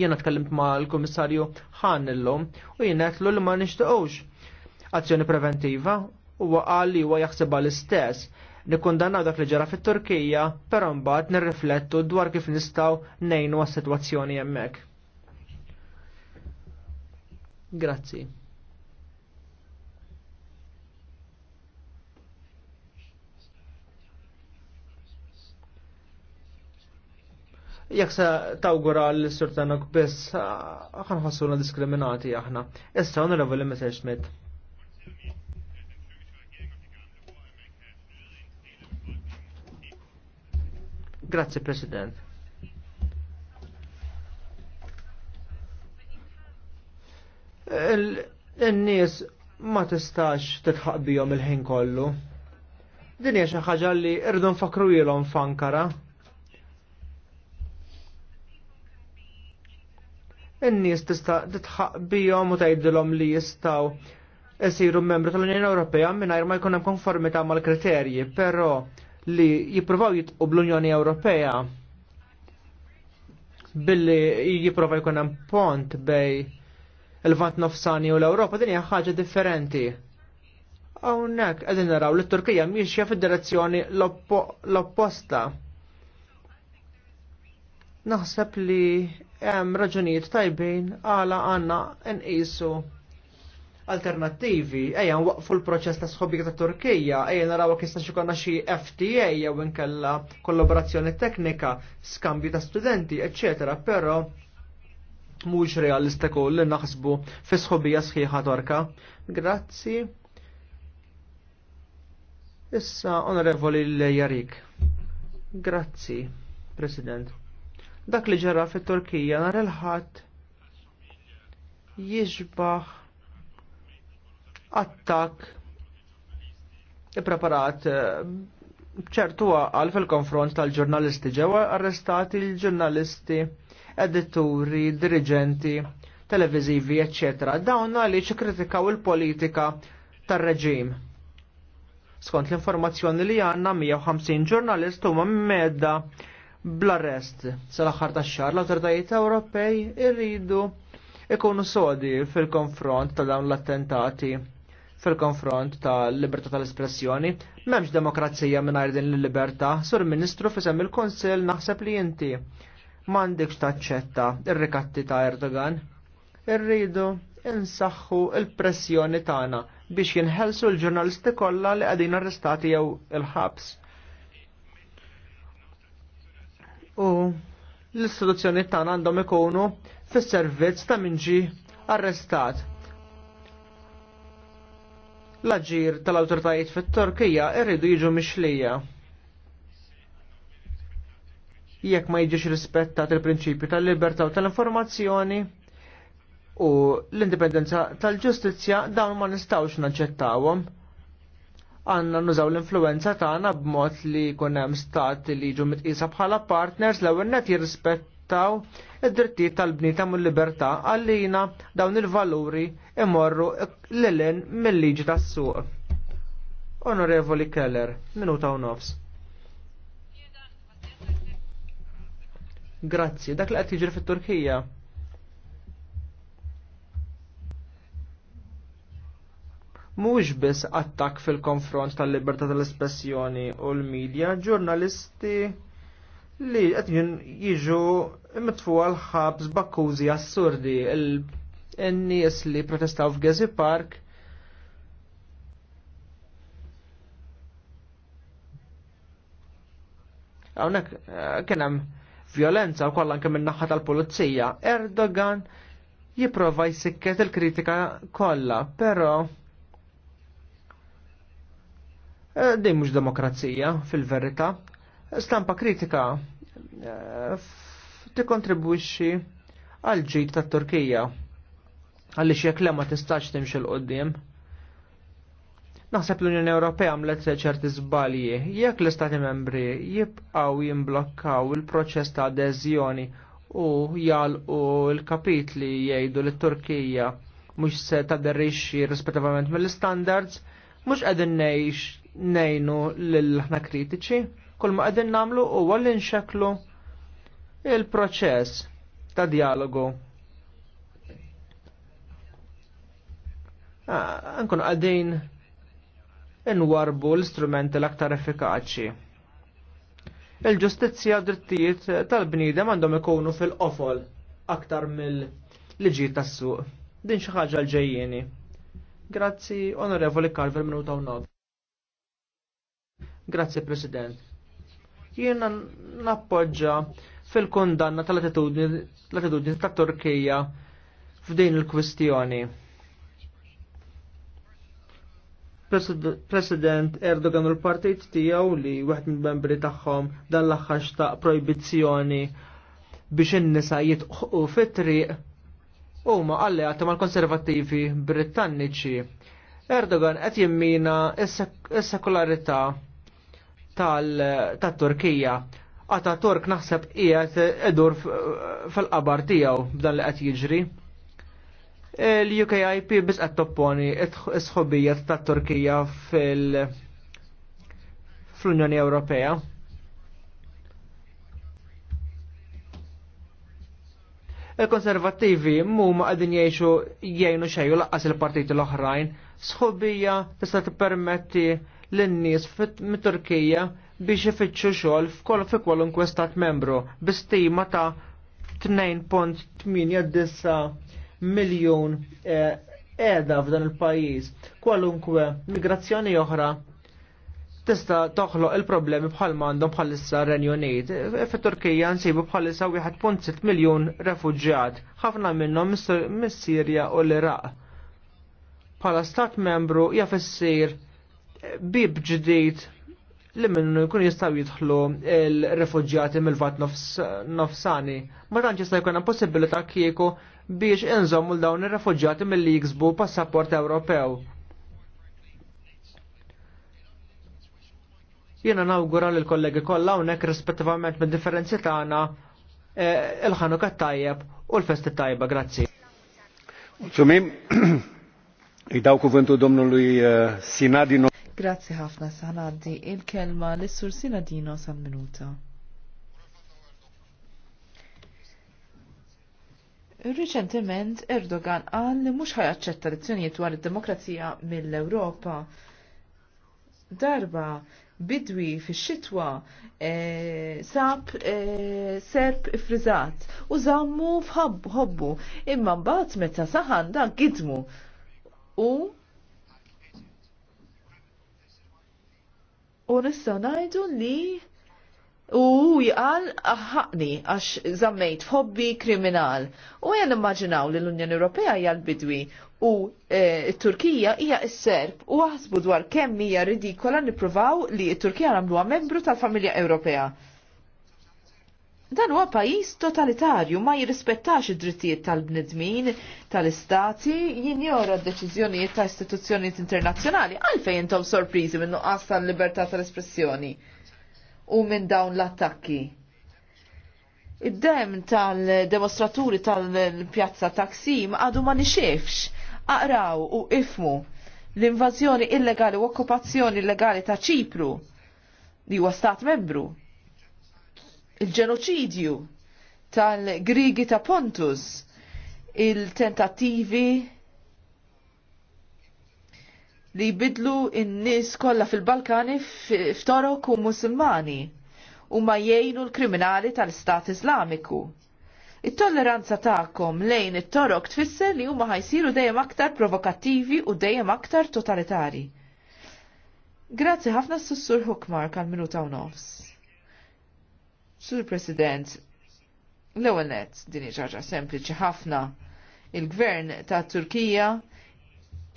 B: Jiena tkellimt ma' l-Kummissarju l illum u jien qedlu li ma nixtiequx azzjoni preventiva u qal li huwa l-istess nikkondannaw dak li ġara fit-Turkija, però mbagħad nirriflettu dwar kif nistgħu ngħinu għas-sitwazzjoni hemmhekk. Grazzi. jekk se tawgura l-sur tanok biss, ħanħassuna diskriminati aħna. Issa onorevoli Mr. Schmidt. Grazie Presidente. n-nies ma tistax titħaq bijom il-ħin kollu. Din hija xi ħaġa li irdu nfakru ilhom f'Ankara. In-nies tista' titħaq bihom u tgħidilhom li jistgħu jsiru membri tal-Unjoni Ewropea mingħajr ma jkun hemm konformità mal-kriterji, però li jippruvaw jitqu l-Unjoni Ewropea billi jipprova jkun hemm pont bej il-vant nofsani u l-Ewropa din hija ħaġa differenti. Hawnhekk qegħdin naraw li t-Turkija mixja fid-direzzjoni l-opposta. Naħseb li hemm raġunijiet tajbin għala għandna nqisu alternattivi, ejja waqfu l-proċess ta' sħobija ta' Turkija, ejja naraw kif jistax ikolna xi FTA jew inkella kollaborazzjoni teknika, skambju ta' studenti, eċċetera, però mhux realistiku li naħsbu fi sħobija sħiħa torka. Grazzi. Issa onorevoli Jarik. Grazzi, President. Dak li ġara fit-Turkija nhar il-ħadd jiġbaħ attak ippreparat eh, ċertu għal fil-konfront tal-ġurnalisti ġewa arrestati l-ġurnalisti edituri, dirigenti, televizivi, eccetera. Dawn għaliex ikkritikaw il-politika tar-reġim. Skont l-informazzjoni li għanna 150 ġurnalist huma medda bl-arrest. Sal-aħħar tax-xahar l autoritajiet Ewropej irridu ikunu sodi fil-konfront ta' dawn l-attentati fil-konfront ta' libertà tal-espressjoni, memx demokrazija minn din l-libertà, sur ministru fisem il-konsil naħseb li inti m'għandekx taċċetta ir-rikatti ta' Erdogan. Irridu insaħħu il-pressjoni tagħna biex jinħelsu l-ġurnalisti kollha li qegħdin arrestati jew il-ħabs. U l-istituzzjoni tagħna għandhom ikunu fis-servizz ta' min ġie arrestat. L-aġir tal-awtoritajiet fit-Turkija irridu jiġu mixlija jekk ma jiġix rispettat il-prinċipju tal-libertà u tal-informazzjoni u l-indipendenza tal-ġustizzja dawn ma nistawx naċċettawhom. Għanna nużaw l-influenza tagħna b'mod li jkun hemm stat li jiġu mitqisa bħala partners l-ewwel net jirrispettaw id-drittijiet tal u l libertà għallina dawn il-valuri imorru l-lin mill-liġi tas-suq. Onorevoli Keller, minuta u nofs. Grazzi, dak li qed jġri fit-Turkija. Mhux biss attak fil-konfront tal-libertà tal-espressjoni u l-medja, ġurnalisti li qed jiġu mitfu għal ħabs bakkużi assurdi l nies li protestaw f'Gezi Park Hawnhekk eh, kien hemm violenza u kollan kemm naħa tal-pulizija, Erdogan jiprova jsikket il-kritika kollha, però eh, din mhux demokrazija fil-verità. Stampa kritika eh, tikkontribwixxi għal ġid tat-Turkija għaliex jekk le tistax timxi l-qoddim. Naħseb l-Unjoni Ewropea għamlet ċerti żbalji jekk l-Istati membri jibqgħu jimblokkaw il-proċess ta' adeżjoni u u l-kapitli jgħidu li Turkija mhux se taderixxi rispettivament mill-standards, mhux qegħdin ngħix ngħinu lil aħna kritiċi, kull ma qegħdin nagħmlu huwa li nxeklu il-proċess ta' dialogu Ankun ah, għaddejn inwarbu l-istrumenti l-aktar effikaċi. Il-ġustizzja u drittijiet tal-bniedem għandhom ikunu fil-qofol aktar mill-liġi tas-suq. Din xi ħaġa l-ġejjieni. Grazzi, Onorevoli Carver minuta u nod. Grazzi, President. Jiena nappoġġa fil-kondanna tal-attitudni tat Turkija f'din il-kwistjoni President Erdogan u l-partit tijaw li wieħed minn membri tagħhom dan l-aħħar xtaq proibizzjoni biex in-nisa jitqu fit-triq huma alleati mal-konservattivi Britanniċi. Erdogan qed jimmina s-sekolarità tat-Turkija. Għata Turk naħseb qiegħed idur fil-qabar tiegħu b'dan li qed jiġri l-UKIP bis qed topponi sħobija tat Turkija fil- fl-Unjoni Ewropea. il-konservativi mumma għadin jiexu jgħinu xejju laqqas il-partiti l-oħrajn, sħubija tista' tippermetti l-nies mit-Turkija biex ifittxu xogħol f'kol fi kwalunkwe stat membru bi stima ta' 2.89 miljon eh, edha f'dan il-pajjiż. Kwalunkwe migrazzjoni oħra tista toħloq il-problemi bħal mandom bħalissa Renju Unit. Fit-Turkija nsibu bħalissa 1.6 miljun refuġġjat, ħafna minnhom mis-Sirja u l-Iraq. Bħala stat membru jaf issir bib ġdid li minnu jkun jistaw jidħlu il-refugġjati mill-vat nofsani. Ma tantx jista' jkun hemm possibilità kieku biex inżommu l-dawn ir mill-li jiksbu passaport Ewropew. Jiena nawgura l kollegi kollha hawnhekk rispettivament mid-differenzi tagħna eh, il-ħanuk tajjeb u l-festi tajba, grazzi.
A: Mulțumim. Îi kuventu domnului eh, Sinadino.
C: Grazzi ħafna Sanaddi. Il-kelma l-sur Sinadino san minuta. Riċentement Erdogan qal li mhux ħajaċċetta lezzjonijiet dwar id-demokrazija mill-Ewropa. Darba bidwi fix-xitwa e, sab e, serb ifrizat u zammu f'ħobbu imma mbagħad meta saħan da gidmu u u nistgħu ngħidu li U jgħal ħaqni għax zammejt hobby kriminal. U jgħan immaġinaw li l-Unjoni Ewropea hija l-bidwi u eh, t-Turkija hija s-Serb u għasbu dwar kemm hija ridikola nippruvaw li t-Turkija għamluha membru tal-familja Ewropea. Dan huwa pajjiż totalitarju ma jirrispettax id-drittijiet tal-bnedmin, tal-istati, jinjora d-deċiżjonijiet ta' istituzzjonijiet internazzjonali. Għalfejn intom sorpriżi minn nuqqas tal-libertà tal-espressjoni. tal libertà tal espressjoni u minn dawn l-attakki. Id-dem tal demostraturi tal-pjazza Taksim għadu ma nixiefx aqraw u ifmu l-invażjoni illegali u okkupazzjoni illegali ta' Ċipru li huwa stat membru. Il-ġenoċidju tal-Grigi ta' Pontus, il-tentattivi li jbidlu n nies kollha fil-Balkani f'torok u musulmani u ma jgħinu l-kriminali tal-Stat Islamiku. It-tolleranza tagħkom lejn it-torok tfisser li huma ħajsiru dejjem aktar provokattivi u dejjem aktar totalitari. Grazzi ħafna s-sussur Hukmar għal-minuta u nofs. Sur President, l-ewwel nett din hija sempliċi ħafna. Il-gvern ta' Turkija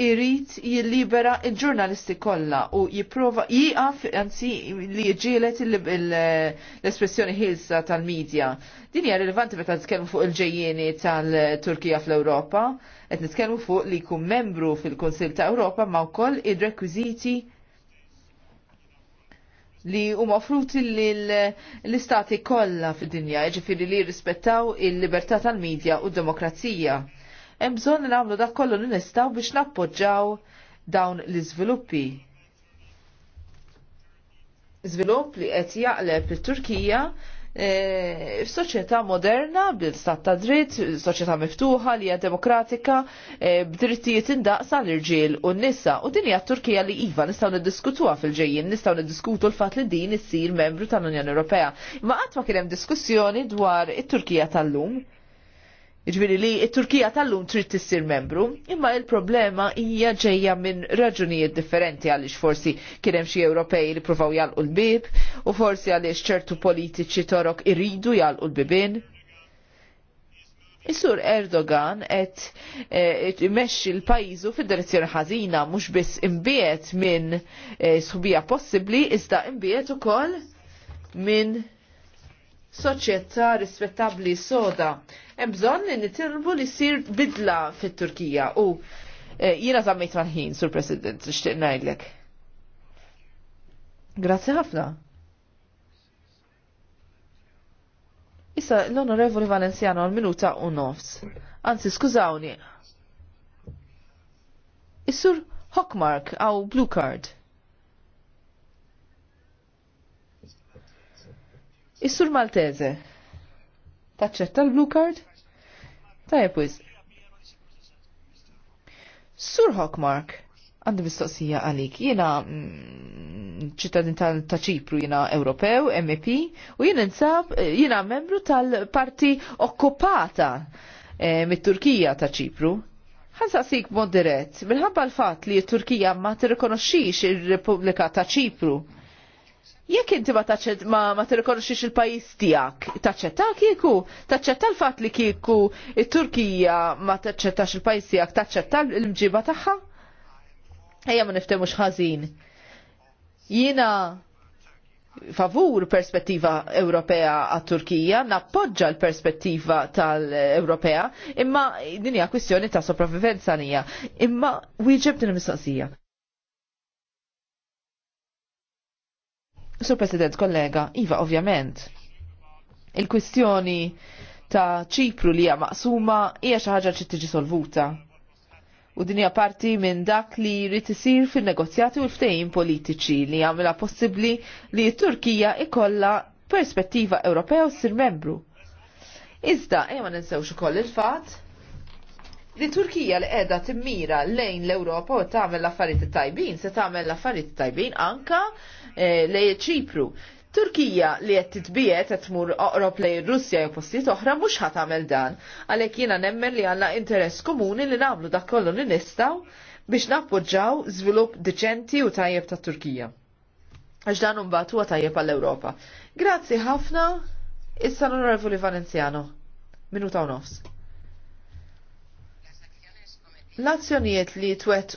C: irrit jillibera il-ġurnalisti kollha u jipprova jiqaf anzi li jġielet l-espressjoni ħilsa tal-medja. Din hija rilevanti meta nitkellmu fuq il-ġejjieni tal-Turkija fl-Ewropa, qed nitkellmu fuq li jkun membru fil-Kunsill ta' Ewropa ma wkoll ir-rekwiżiti li huma offruti l-istati kollha fid-dinja, jiġifieri li jirrispettaw il-libertà tal-medja u d-demokrazija hemm bżonn nagħmlu dak kollu li nistaw biex nappoġġaw dawn l-iżviluppi. Żvilupp li qed jaqleb it-Turkija E, f'soċjetà moderna bil-stat ta' dritt, soċjetà miftuħa li hija demokratika, e, b'drittijiet indaqsa l-irġiel u n-nisa. U din hija Turkija li iva nistgħu niddiskutuha fil-ġejjin, nistgħu niddiskutu l-fatt li din issir membru tal-Unjoni Ewropea. Ma qatt ma kien hemm diskussjoni dwar it-Turkija tal-lum. Iġbiri li il-Turkija tal-lum trid tissir membru, imma il-problema hija ġejja minn raġunijiet differenti għaliex forsi kien hemm xi Ewropej li provaw jalqu l-bib u forsi għaliex ċertu politiċi torok iridu jalqu l-bibin. Is-sur Erdogan qed eh, imexxi l-pajjiżu fid-direzzjoni ħażina mhux biss imbiet minn eh, subija possibbli iżda imbiet ukoll minn soċjetà rispettabbli soda. Hemm bżonn li nitilbu li jsir bidla fit-Turkija u eh, jiena żammejt mal-ħin sur President nixtieq ngħidlek. Grazzi ħafna. Issa l-Onorevoli Valenziano għal minuta u nofs. Anzi, skużawni. Is-sur Hockmark għaw Blue Card. Is-sur Malteze. Taċċetta l-blue card? Tajab wis. Sur Hockmark, għandu mistoqsija għalik, jena mm, ċittadin ta' ċipru, jena Ewropew, MEP, u jena nsab, jena membru tal-parti okkupata eh, mit-Turkija ta' ċipru. Ħansaqsik mod dirett, minħabba l-fat li t-Turkija ma t-rekonoxxix il-Repubblika ta' ċipru Jekk inti ma taċċet ma, ma tirrikonoxxix il-pajjiż tiegħek, taċċetta kieku, taċċetta l-fatt li kieku it-Turkija ma taċċettax il-pajjiż tiegħek, taċċetta l imġiba tagħha? Ejja ma niftehmux ħażin. Jiena favur perspettiva Ewropea għat Turkija, nappoġġa l-perspettiva tal-Ewropea, imma din hija kwistjoni ta' sopravivenza nija, imma wieġeb din il-mistoqsija. Sur President, kollega, Iva, ovvjament. Il-kwistjoni ta' ċipru li hija maqsuma hija xi ħaġa li tiġi solvuta. U din hija parti minn dak li jrid isir fin-negozjati u l-ftehim politiċi li jagħmilha possibbli li t-Turkija ikollha perspettiva Ewropea u ssir membru. Iżda ejma ninsewx ukoll il-fatt li Turkija li qiegħda timmira lejn l-Ewropa u tagħmel l-affarijiet tajbin se tagħmel l-affarijiet tajbin anka Eh, lej ċipru. Turkija li qed titbiet qed tmur oqrob lej Russja jew postijiet oħra mhux ħadd tagħmel dan, għalhekk jiena nemmen li għandna interess komuni li nagħmlu dak kollu li nistgħu biex nappoġġaw żvilupp deċenti u tajjeb tat Turkija. Għax dan imbagħad huwa tajjeb għall-Ewropa. Grazzi ħafna, issa l-Onorevoli Valenziano. Minuta u nofs. L-azzjonijiet li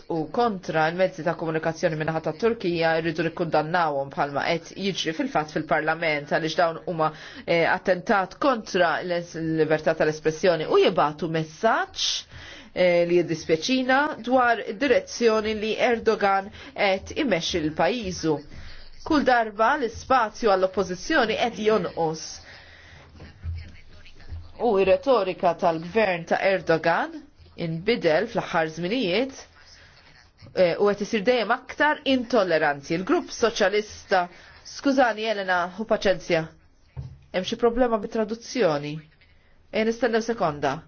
C: u kontra l-mezzi ta' komunikazzjoni minnaħat ta' Turkija rridu nikkundannawhom bħalma qed jiġri fil-fatt fil-Parlament għaliex dawn huma eh, attentat kontra l-libertà tal-espressjoni u jibatu messaġġ eh, li jiddispjaċina dwar direzzjoni li Erdogan qed imexxi l-pajjiżu. Kull darba l-ispazju għall-oppożizzjoni qed jonqos. U r-retorika tal-gvern ta' Erdogan inbidel fl-aħħar żminijiet e, u qed isir dejjem aktar intolleranti. Il-grupp soċjalista Skużani Elena, u paċenzja. Hemm xi problema bit-traduzzjoni. E nistennew sekonda.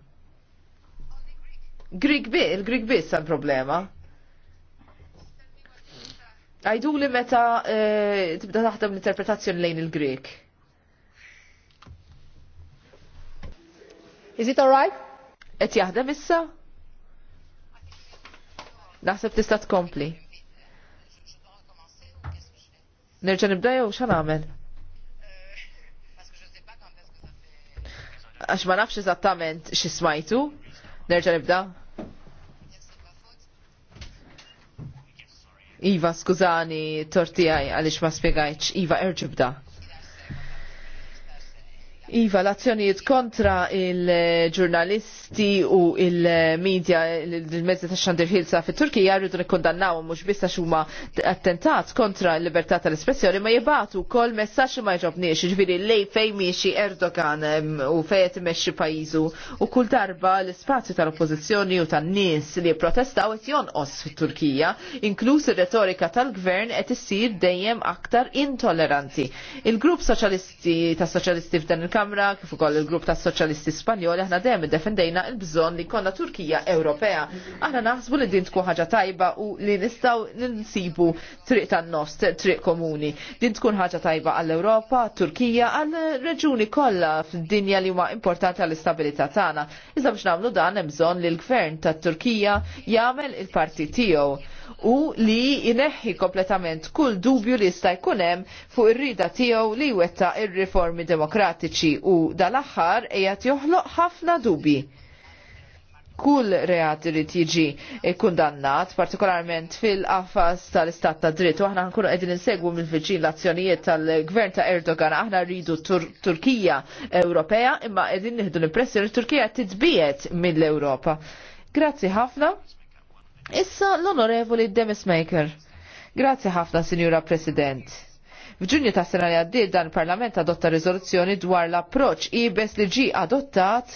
C: Grig B, il-Grig B sa' problema. Għajdu li meta e, tibda taħdem l-interpretazzjoni lejn il-Grik. Is it alright? Et jaħdem issa? Naħseb tista' tkompli. Nerġa' nibda jew x'għan għamel? Għax ma nafx eżattament xi smajtu. Nerġa' nibda. Iva, skużani, tortijaj, għalix ma spiegajċ. Iva, erġibda. Iva, l-azzjonijiet kontra il-ġurnalisti u il-medja, il-mezzi ta' xandir ħilsa fit turkija rridu nikkondannaw mux bista xuma attentat kontra l-libertà tal-espressjoni ma jibatu kol messaċ ma jġobniex, ġviri lej fej miexi Erdogan u fejet meċi pajizu u kull darba l-spazju tal-oppozizjoni u tan-nis li protestaw et jonqos fit turkija inkluż ir-retorika tal-gvern et issir dejjem aktar intolleranti. Il-grupp soċjalisti ta' soċjalisti f'dan il kamra kif ukoll il-grupp tas soċjalisti Spanjoli, aħna dejjem iddefendejna l-bżonn li konna Turkija Ewropea. Aħna naħsbu li din tkun ħaġa tajba u li nistgħu nsibu triq tan-nofs, triq komuni. Din tkun ħaġa tajba għall-Ewropa, Turkija, għall-reġuni kollha fid-dinja li huma importanti għall-istabilità tagħna. Iżda biex nagħmlu dan hemm bżonn li l-gvern tat-Turkija jagħmel il-parti tiegħu u li jneħħi kompletament kull dubju li jista' jkun hemm fuq ir-rida tiegħu li wetta ir-riformi demokratiċi u dal-aħħar qiegħed joħloq ħafna dubji kull reat irid jiġi kundannat, partikolarment fil-qafas tal-istat ta' dritt. U aħna nkunu qegħdin insegwu mill-viċin l-azzjonijiet tal-gvern ta' Erdogan. Aħna rridu Turkija Ewropea, imma qegħdin nieħdu l-impressjoni li Turkija titbiet mill-Ewropa. Grazzi ħafna. Issa l-onorevoli Demis Maker. Grazie ħafna, Sinjura President. F'Ġunju ta' sena li għaddil dan il-Parlament adotta riżoluzzjoni dwar l-approċ ibes li ġi adottat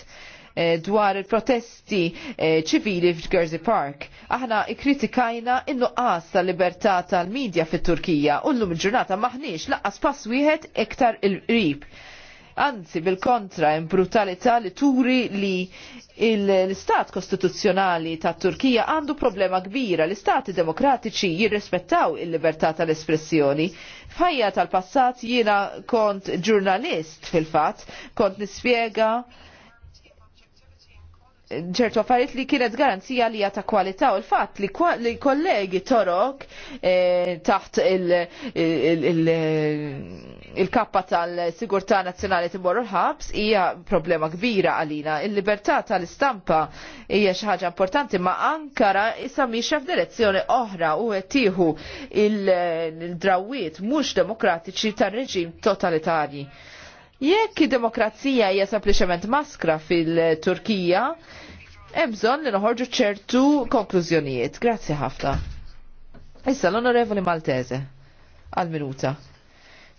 C: eh, dwar il-protesti eh, ċivili f'Jersey Park. Aħna ikkritikajna in-nuqqas ta' libertà tal-medja fit-Turkija u llum il-ġurnata maħniex laqqas pass wieħed iktar il-qrib. il rib il qrib anzi bil-kontra hemm brutalità li turi li l-istat kostituzzjonali ta' Turkija għandu problema kbira. L-istati demokratiċi jirrispettaw il-libertà tal-espressjoni. Fajja tal-passat jiena kont ġurnalist fil-fat, kont nispjega ċertu għaffariet li kienet garanzija li ta' kwalità u l-fatt li, li kollegi torok eh, taħt il-kappa tal-Sigurtà Nazzjonali timorru l-ħabs hija problema kbira għalina. Il-libertà tal-istampa hija xi ħaġa importanti ma' Ankara issa mhix f'direzzjoni oħra u qed il-drawiet mhux demokratiċi tar-reġim totalitarji. Jekk id-demokrazija hija sempliċement maskra fil-Turkija, hemm bżonn li noħorġu ċertu konklużjonijiet. Grazzi ħafna. Issa l-Onorevoli Maltese għal-minuta.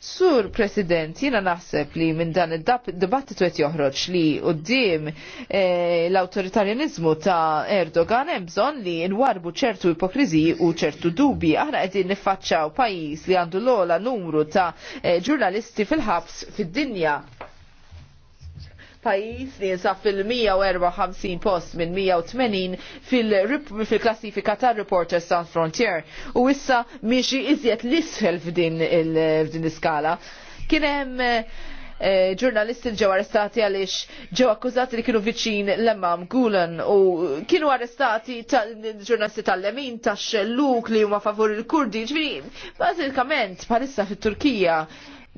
C: Sur President, jina naħseb li minn dan id-dibattitu qed joħroġ li qudiem eh, l-awtoritarjanizmu ta' Erdogan hemm bżonn li nwarbu ċertu ipokrizi u ċertu dubi. Aħna qegħdin niffaċċaw pajjiż li għandu l-ola numru ta' eh, ġurnalisti fil-ħabs fid-dinja pajis li jinsab fil-154 post minn 180 fil-klassifika ta' Reporters Sans Frontier u issa miexi iżjed l-isfel f'din l-iskala. Kienem eh, eh, ġurnalisti ġew arrestati għaliex ġew akkużati li kienu viċin l emmam Gulen u kienu arrestati ġurnalisti tal-Lemin tax-Xelluk li huma favur il-Kurdi. ġvini bażikament bħalissa fit-Turkija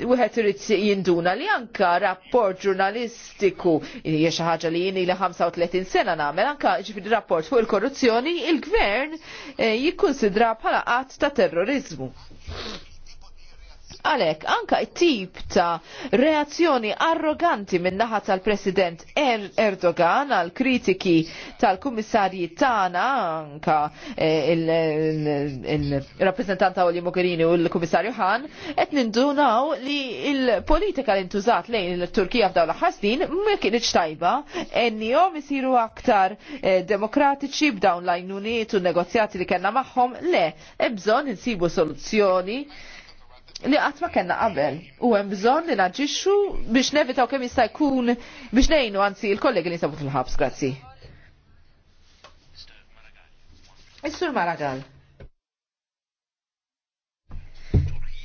C: wieħed irid jinduna li anka rapport ġurnalistiku hija xi ħaġa li jien li 35 sena nagħmel anka ġifieri rapport fuq il-korruzzjoni, il-gvern eh, jikkunsidra bħala qatt ta' terrorizmu. Għalek, anka tip ta' reazzjoni arroganti minn naħa tal-President er Erdogan għal kritiki tal-Kummissarji tana, anka il-rappresentanta eh, il, il, il Mogherini u l-Kummissarju Han, et nindunaw li il-politika l-intużat lejn il-Turkija f'dawla ħasnin ma kienieċ tajba, ennijom jisiru aktar eh, demokratiċi b'dawn lajnuniet u negozjati li kena maħħom, le, ebżon insibu soluzzjoni li għatma kena kellna qabel u għem bżon li naġiċu biex nevitaw kemm jista' jkun biex nejnu għanzi il-kollegi li nsabu fil-ħabs, grazzi. Is-Sur Maragall.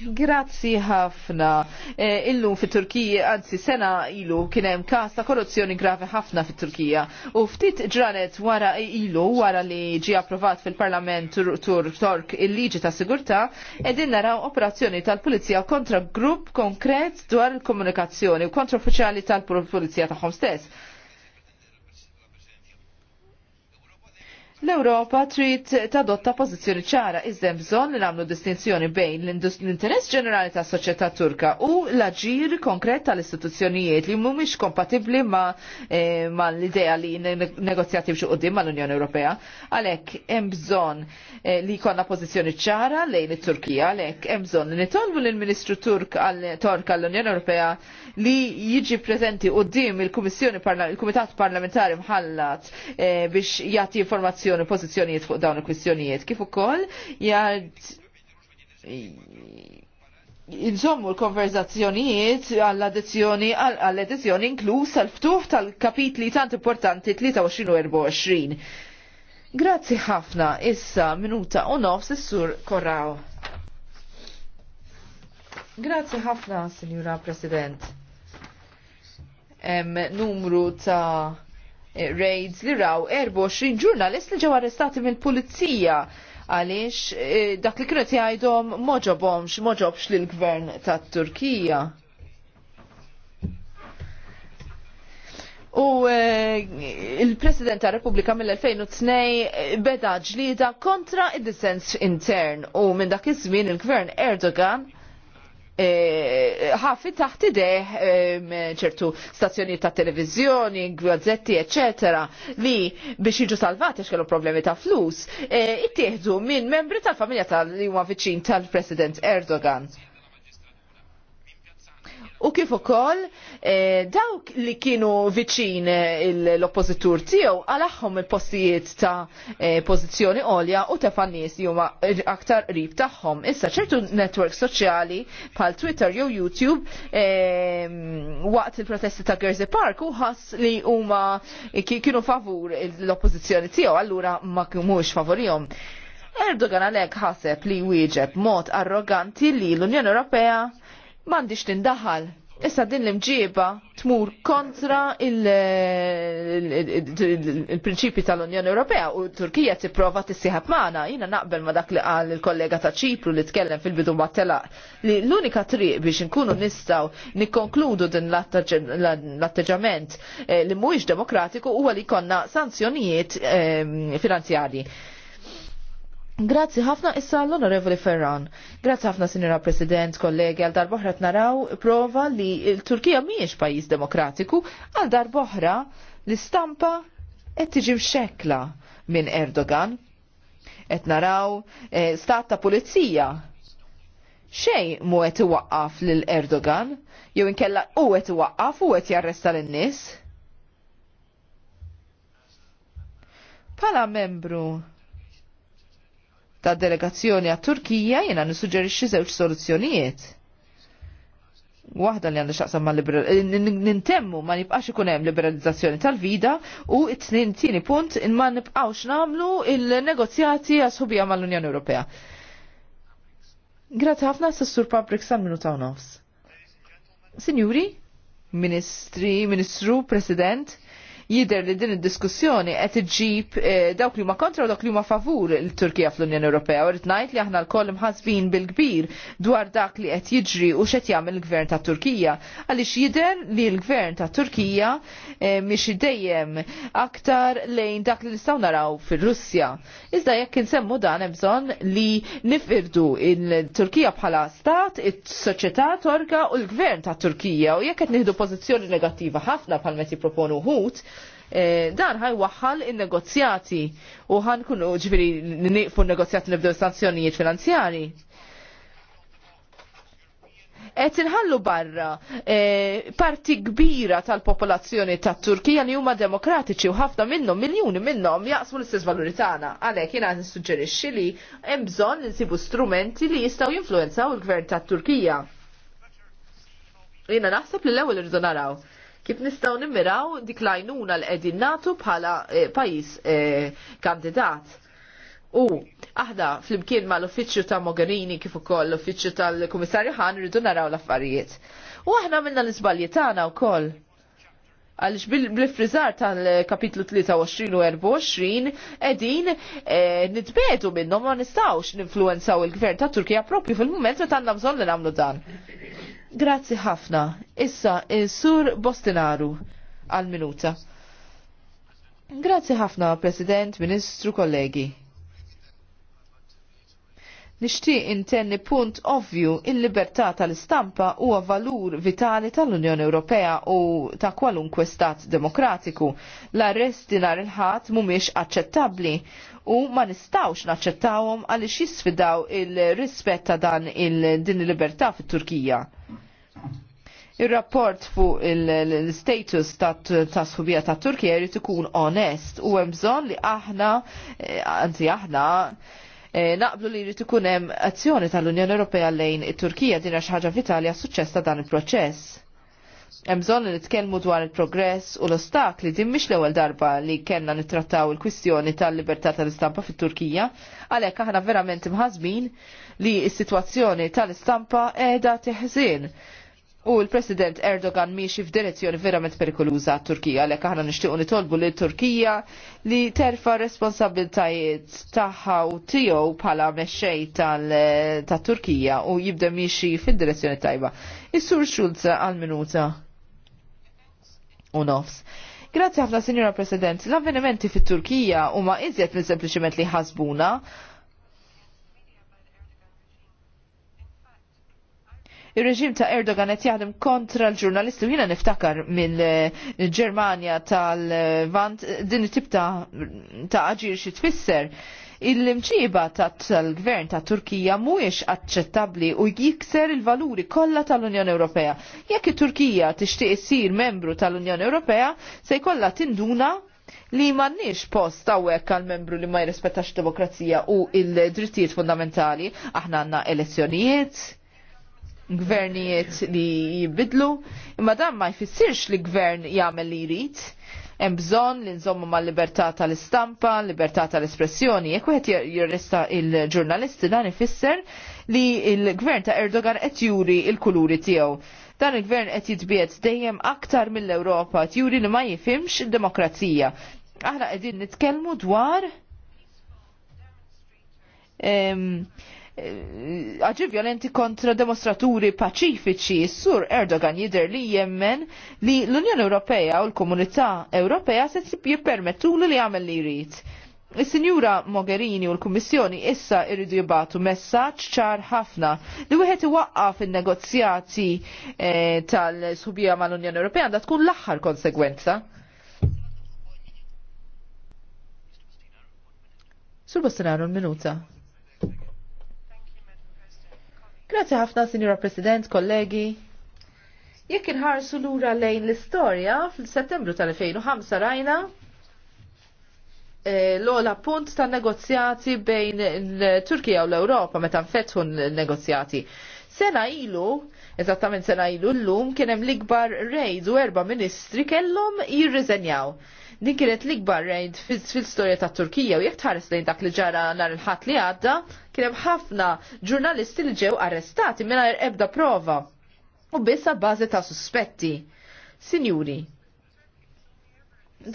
C: Grazzi ħafna. E, illum fit turkija anzi sena ilu, kienem kas ta' korruzzjoni gravi ħafna fit turkija U ftit ġranet wara ilu, wara li ġi approvat fil-parlament tur, tork il-liġi ta' sigurta, edin naraw operazzjoni tal-pulizija kontra grupp konkret dwar il-komunikazzjoni u kontra uffiċjali tal-pulizija tagħhom stess L-Europa trid tadotta pożizzjoni ċara iżda bżonn li nagħmlu distinzjoni bejn l-interess ġenerali tas soċjetà Turka u l-aġir konkret tal-istituzzjonijiet li mhumiex kompatibbli ma, eh, ma l-idea li negozjati b'xi qudiem mal-Unjoni Ewropea. Għalhekk hemm bżonn eh, li jkollna pożizzjoni ċara lejn it-Turkija, għalhekk hemm bżonn li nitolbu lill-Ministru Turk għall-Tork għall-Unjoni Ewropea li jiġi preżenti qudiem il-Kummissjoni il-Kumitat Parlamentari mħallat eh, biex jagħti informazzjoni l-Kummissjoni pożizzjonijiet fuq dawn il-kwistjonijiet kif ukoll Inżommu l-konverzazzjonijiet għall-adizjoni għall-adizjoni inkluż għal-ftuf tal-kapitli tant importanti 23-24. Grazzi ħafna, issa minuta u nofs is-sur Korraw. Grazzi ħafna, Sinjura President. Em, numru ta' raids li raw 24 ġurnalist li ġew arrestati mill-pulizija għaliex e, dak li kienet jgħidhom moġobomx, moġobx lill gvern tat-Turkija. U e, il-President ta' Repubblika mill-2002 e, beda ġlida kontra id-dissens intern u minn dak iż-żmien il-Gvern Erdogan Eh, ħafi taħt ideħ ċertu stazzjoni ta' televizjoni, gazzetti, eccetera, li biex jiġu salvati xkellu problemi ta' flus, eh, ittieħdu minn membri tal-familja tal-li huma viċin tal-President Erdogan u kif ukoll eh, dawk li kienu viċin eh, l-oppożitur tiegħu għalaħħom il-postijiet ta' eh, pożizzjoni għolja u ta' fannis nies huma aktar qrib tagħhom. Issa ċertu netwerk soċjali bħal Twitter jew YouTube waqt il-protesti ta' Jersey Park u ħass li huma kienu favur l-oppożizzjoni tiegħu allura ma kumux favorihom. Erdogan għalhekk ħaseb li wieġeb mod arroganti li l-Unjoni Ewropea m'għandix tindaħal. Issa din l-imġiba tmur kontra il-prinċipi tal-Unjoni Ewropea u Turkija tipprova tissieħab magħna. Jiena naqbel ma dak li qal il-kollega ta' Ċipru li tkellem fil-bidu mat li l-unika triq biex inkunu nistgħu nikkonkludu din l-atteġġament eh, li mhuwiex demokratiku huwa li konna sanzjonijiet ehm, finanzjarji. Grazzi ħafna issa l-Onorevoli Ferran. Grazzi ħafna Sinjora President, kollegi, għal darboħra t-naraw prova li l-Turkija miex pajis demokratiku, għal darboħra l-istampa qed tiġi mxekla minn Erdogan. Qed naraw e, stat ta' pulizija. Xej mu qed iwaqqaf lil Erdogan, jew inkella u qed iwaqqaf u qed jarresta lin-nies. Pala membru ta' delegazzjoni għat Turkija jena nisuġerixi żewġ soluzzjonijiet. Waħda li għandha xaqsam ma' eh, nintemmu ma' nibqax ikun hemm liberalizzazzjoni tal-vida u it-tnin tieni punt in ma' nibqawx namlu il-negozjati għasħubija mal-Unjoni Ewropea. Grazie ħafna s-sur Pabrik San minuta u nofs. Sinjuri, Ministri, Ministru, President, jider li din id-diskussjoni qed iġib eh, dawk li huma kontra u dawk li huma favur il-Turkija fl-Unjoni Ewropea u ngħid li aħna lkoll imħasbin bil-kbir dwar dak li qed jiġri u x'qed jagħmel il-Gvern ta' Turkija għaliex jider li l-Gvern ta' Turkija eh, mhix dejjem aktar lejn dak li nistgħu naraw fir-Russja. Iżda jekk insemmu dan hemm bżonn li nifirdu il-Turkija bħala stat, il-soċieta torga u l-gvern ta' Turkija u jekk qed nieħdu pożizzjoni negattiva ħafna bħal meti proponu ħut, Eh, dan ħaj waħħal in-negozjati u ħankunu ġifiri niqfu n-negozjati nibdew sanzjonijiet finanzjari Et inħallu barra eh, parti kbira tal-popolazzjoni tat-Turkija li huma demokratiċi u ħafna minnhom miljuni minnhom jaqsmu l-istess valuri tagħna. Għalhekk jiena nissuġġerixxi li hemm bżonn insibu strumenti li jistgħu jinfluwenzaw il-gvern tat-Turkija. Jiena naħseb li l-ewwel irridu naraw kif nistaw nimmiraw dik lajnuna l-edin natu bħala eh, pajis eh, kandidat. U aħna fl-imkien ma l-uffiċċju ta' Mogherini kif ukoll l-uffiċċju tal-Kummissarju Ħan rridu naraw l-affarijiet. U aħna minna l-iżbalji tagħna wkoll. Għalix bil-frizar tal-kapitlu 23 u 24 edin eh, nitbedu minnom ma nistawx ninfluenzaw il-gvern ta' Turkija propju fil-moment meta għandna bżonn li nagħmlu dan. Grazzi ħafna. Issa, eh, sur Bostinaru għal-minuta. Grazzi ħafna, President, Ministru, kollegi. Nixtieq intenni punt ovvju il-libertà tal-istampa huwa valur vitali tal-Unjoni Ewropea u ta' kwalunkwe stat demokratiku. L-arresti nar il-ħadd mhumiex aċċettabbli u ma nistawx naċċettawhom għaliex jisfidaw il-rispett ta' dan il-din il-libertà fit-Turkija. Il-rapport fuq il-status ta' subija ta' Turkija jrid ikun onest u hemm bżonn li aħna, eh, anzi aħna, Eh, naqblu li jrid ikun hemm azzjoni tal-Unjoni Ewropea lejn it-Turkija din xi ħaġa vitali għas-suċċess ta' dan il-proċess. Hemm bżonn li nitkellmu dwar il-progress u l-ostakli din mhix l-ewwel darba li kellna nittrattaw il-kwistjoni tal-libertà tal-istampa fit-Turkija, għalhekk aħna verament imħażbin li s-sitwazzjoni tal-istampa qiegħda teħżin U l-President Erdogan miexi f'direzzjoni verament perikoluża Turkija għalhekk aħna nixtiequ nitolbu li Turkija li terfa' responsabiltajiet tagħha u tiegħu bħala meċċej tat-Turkija u jibda miexi f'direzzjoni tajba. Is-Sur Schulz għal-minuta. U nofs. Grazzi ħafna, Signora President. L-avvenimenti fit-Turkija huma iżjed minn sempliciment li ħasbuna Ir-reġim ta' Erdogan qed jaħdem kontra l-ġurnalisti u jiena niftakar mill-Ġermanja eh, tal-Vant din it-tip ta' aġir xi tfisser il-imċiba tal-gvern ta' Turkija mhuwiex aċċettabbli u jikser il-valuri kollha tal-Unjoni Ewropea. Jekk it-Turkija tixtieq issir membru tal-Unjoni Ewropea se jkollha tinduna li mannix post għawek għal membru li ma jirrispettax demokrazija u il-drittijiet fundamentali, aħna għandna elezzjonijiet, gvernijiet li jibidlu, imma dan ma jfissirx li gvern jagħmel li jrid. Hemm bżonn li nżommu mal libertà tal-istampa, libertà tal-espressjoni, jekk wieħed jirresta il-ġurnalisti dan ifisser li l gvern ta' Erdogan qed juri il-kuluri tiegħu. Dan il-gvern qed jitbiet dejjem aktar mill-Ewropa juri li ma jifimx id-demokrazija. Aħna qegħdin nitkellmu dwar għagġi eh, violenti kontra demonstraturi paċifiċi. Sur Erdogan jider li jemmen li l-Unjoni Ewropea u l-Komunità Ewropea se jippermettu li jagħmel li jrid. Is-Sinjura Mogherini u l-Kummissjoni issa irridu jibatu messaġġ ċar ħafna li wieħed iwaqqaf in-negozjati eh, tal-subija mal-Unjoni Ewropea għandha tkun l-aħħar konsegwenza. Sur Bostinaru, minuta. Grazzi ħafna, Signora President, kollegi. Jekk inħarsu lura lejn l-istorja, fil-Settembru tal-2005 rajna eh, l-ola punt ta' negozjati bejn Turkija u l-Europa meta nfetħu negozjati. Sena ilu, eżattament sena ilu l-lum, kienem l-ikbar rejd u erba ministri kellhom jirriżenjaw. Din kienet l-ikbar rejd fil-storja ta' Turkija u jekk tħares lejn dak li ġara nar il-ħat li għadda, kien hemm ħafna ġurnalisti li ġew arrestati mingħajr ebda prova. U biss bażi ta' suspetti. Sinjuri,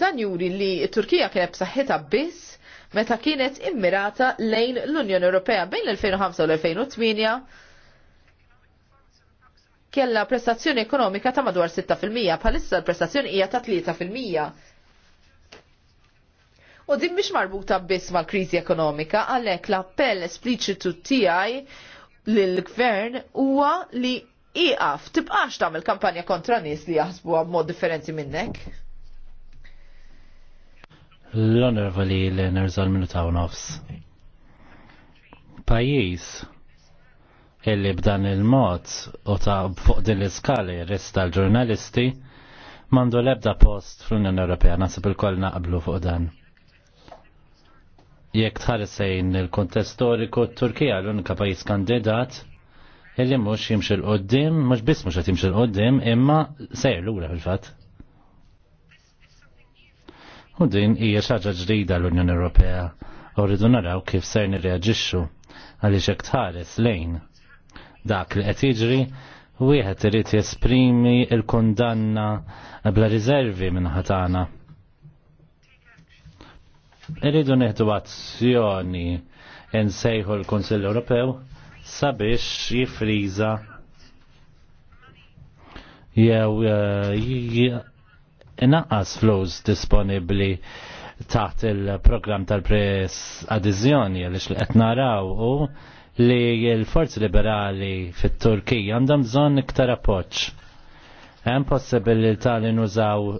C: dan juri li Turkija kienet b'saħħitha biss meta kienet immirata lejn l-Unjoni Ewropea bejn l-2005 u l-2008 kella prestazzjoni ekonomika ta' madwar 6% bħalissa l-prestazzjoni hija ta' 3%. U din mhix marbuta biss mal-kriżi ekonomika, għalhekk l-appell espliċitu tiegħi lill-gvern huwa li iqaf tibqax tagħmel kampanja kontra nies li jaħsbu mod differenti minnek.
A: L-onorvali l-nerżal minuta u nofs. Pajis, illi b'dan il-mod u ta' fuq din l-iskali resta l-ġurnalisti mandu lebda post fl-Unjoni Ewropea nasib il kol naqblu fuq dan jekk tħarsejn il-kontest storiku t Turkija l-unika pajis kandidat illi mhux jimxil qoddim, mhux biss mhux qed jimxil qoddim, imma sejr lura fil-fatt. U din hija xaġa ġdida l-Unjoni Ewropea u rridu naraw kif ser nirreaġixxu għaliex hekk tħares lejn dak li qed jiġri wieħed irid jesprimi l-kundanna bla riservi minn ħatana Irridu neħdu azzjoni nsejħu l-Konsill Ewropew sabiex jifriza jew eh, inaqqas flus disponibbli taħt il-programm tal pres adizjoni għalix li qed naraw u li l-forzi liberali fit-Turkija għandhom bżonn iktar appoġġ. Hemm possibilità li nużaw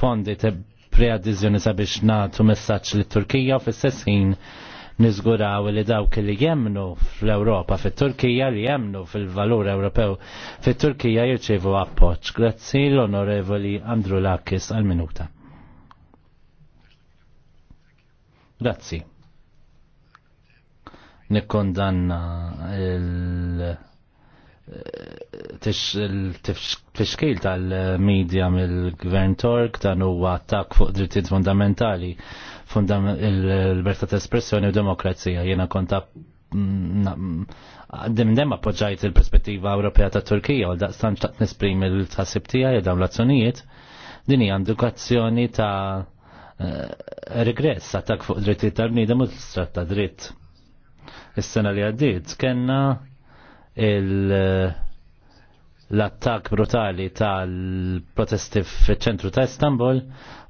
A: fondi preadizjoni sabiex natu messaċ li Turkija u fis sessin nizguraw li dawk li jemnu fl-Europa, fit-Turkija li jemnu fil-valur Ewropew, fit-Turkija jirċevu appoċ. Grazzi l-onorevoli Andru Lakis għal-minuta. Grazzi. Nikkondanna il- tfixkil tal-medja mill-Gvern Tork dan huwa attak fuq drittijiet fundamentali il-libertà ta' espressjoni u demokrazija. Jiena konta dem appoġġajt il-perspettiva Ewropea ta' Turkija u daqstan xtaqt nisprim il-tħassib tiegħi dawn l-azzjonijiet din hija ta' regress attak fuq drittijiet tal-bniedem u tistrat ta' dritt. Is-sena li għaddiet kena l-attak brutali tal-protesti f ċentru ta' Istanbul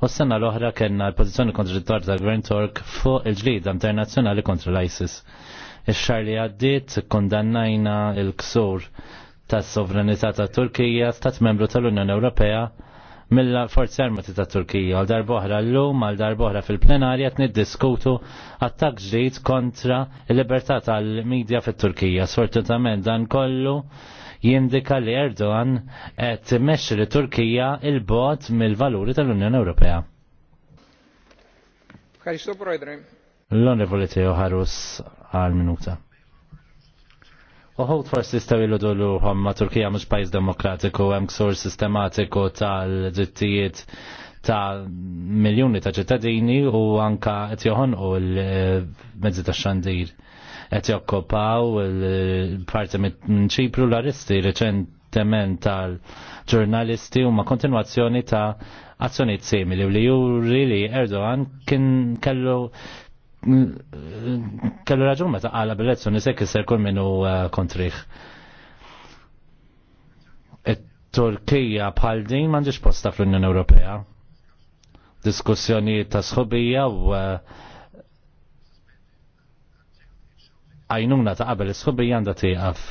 A: u s-sena l-oħra kena l-pozizjoni kontradittorja ta' gvern Tork fuq il-ġlida internazzjonali kontra l-ISIS. Ix-xar li għaddit kondannajna il-ksur tas sovranità ta' Turkija, stat membru tal-Unjoni Ewropea, mill-forzi armati ta' Turkija għal darboħra l-lum għal darboħra fil-plenarja t-niddiskutu attak ġdid kontra l-libertà tal-medja fit-Turkija. Sfortunatament dan kollu jindika li Erdogan qed immexxi li Turkija il-bot mill-valuri tal-Unjoni Ewropea.
B: L-Onorevoli
A: Teo Harus għal minuta. Uħut forsi staw dullu dolu um, ma Turkija mux pajis demokratiku, hemm ksur sistematiku tal-drittijiet ta' miljoni ta' ċittadini u anka qed joħonqu l-mezzi ta' xandir. Qed jokkopaw il-parti minn Ċipru l-aristi reċentement tal-ġurnalisti u ma' kontinuazzjoni ta' azzjonijiet simili u li juri li Erdogan kien kellu kellu raġun meta għala bil lezzu se jisser kull minnu uh, kontriħ. Turkija bħal din m'għandix posta fl-Unjoni Ewropea. Diskussjoni ta' sħobija u uh, għajnuna ta' qabel sħobija għandha tieqaf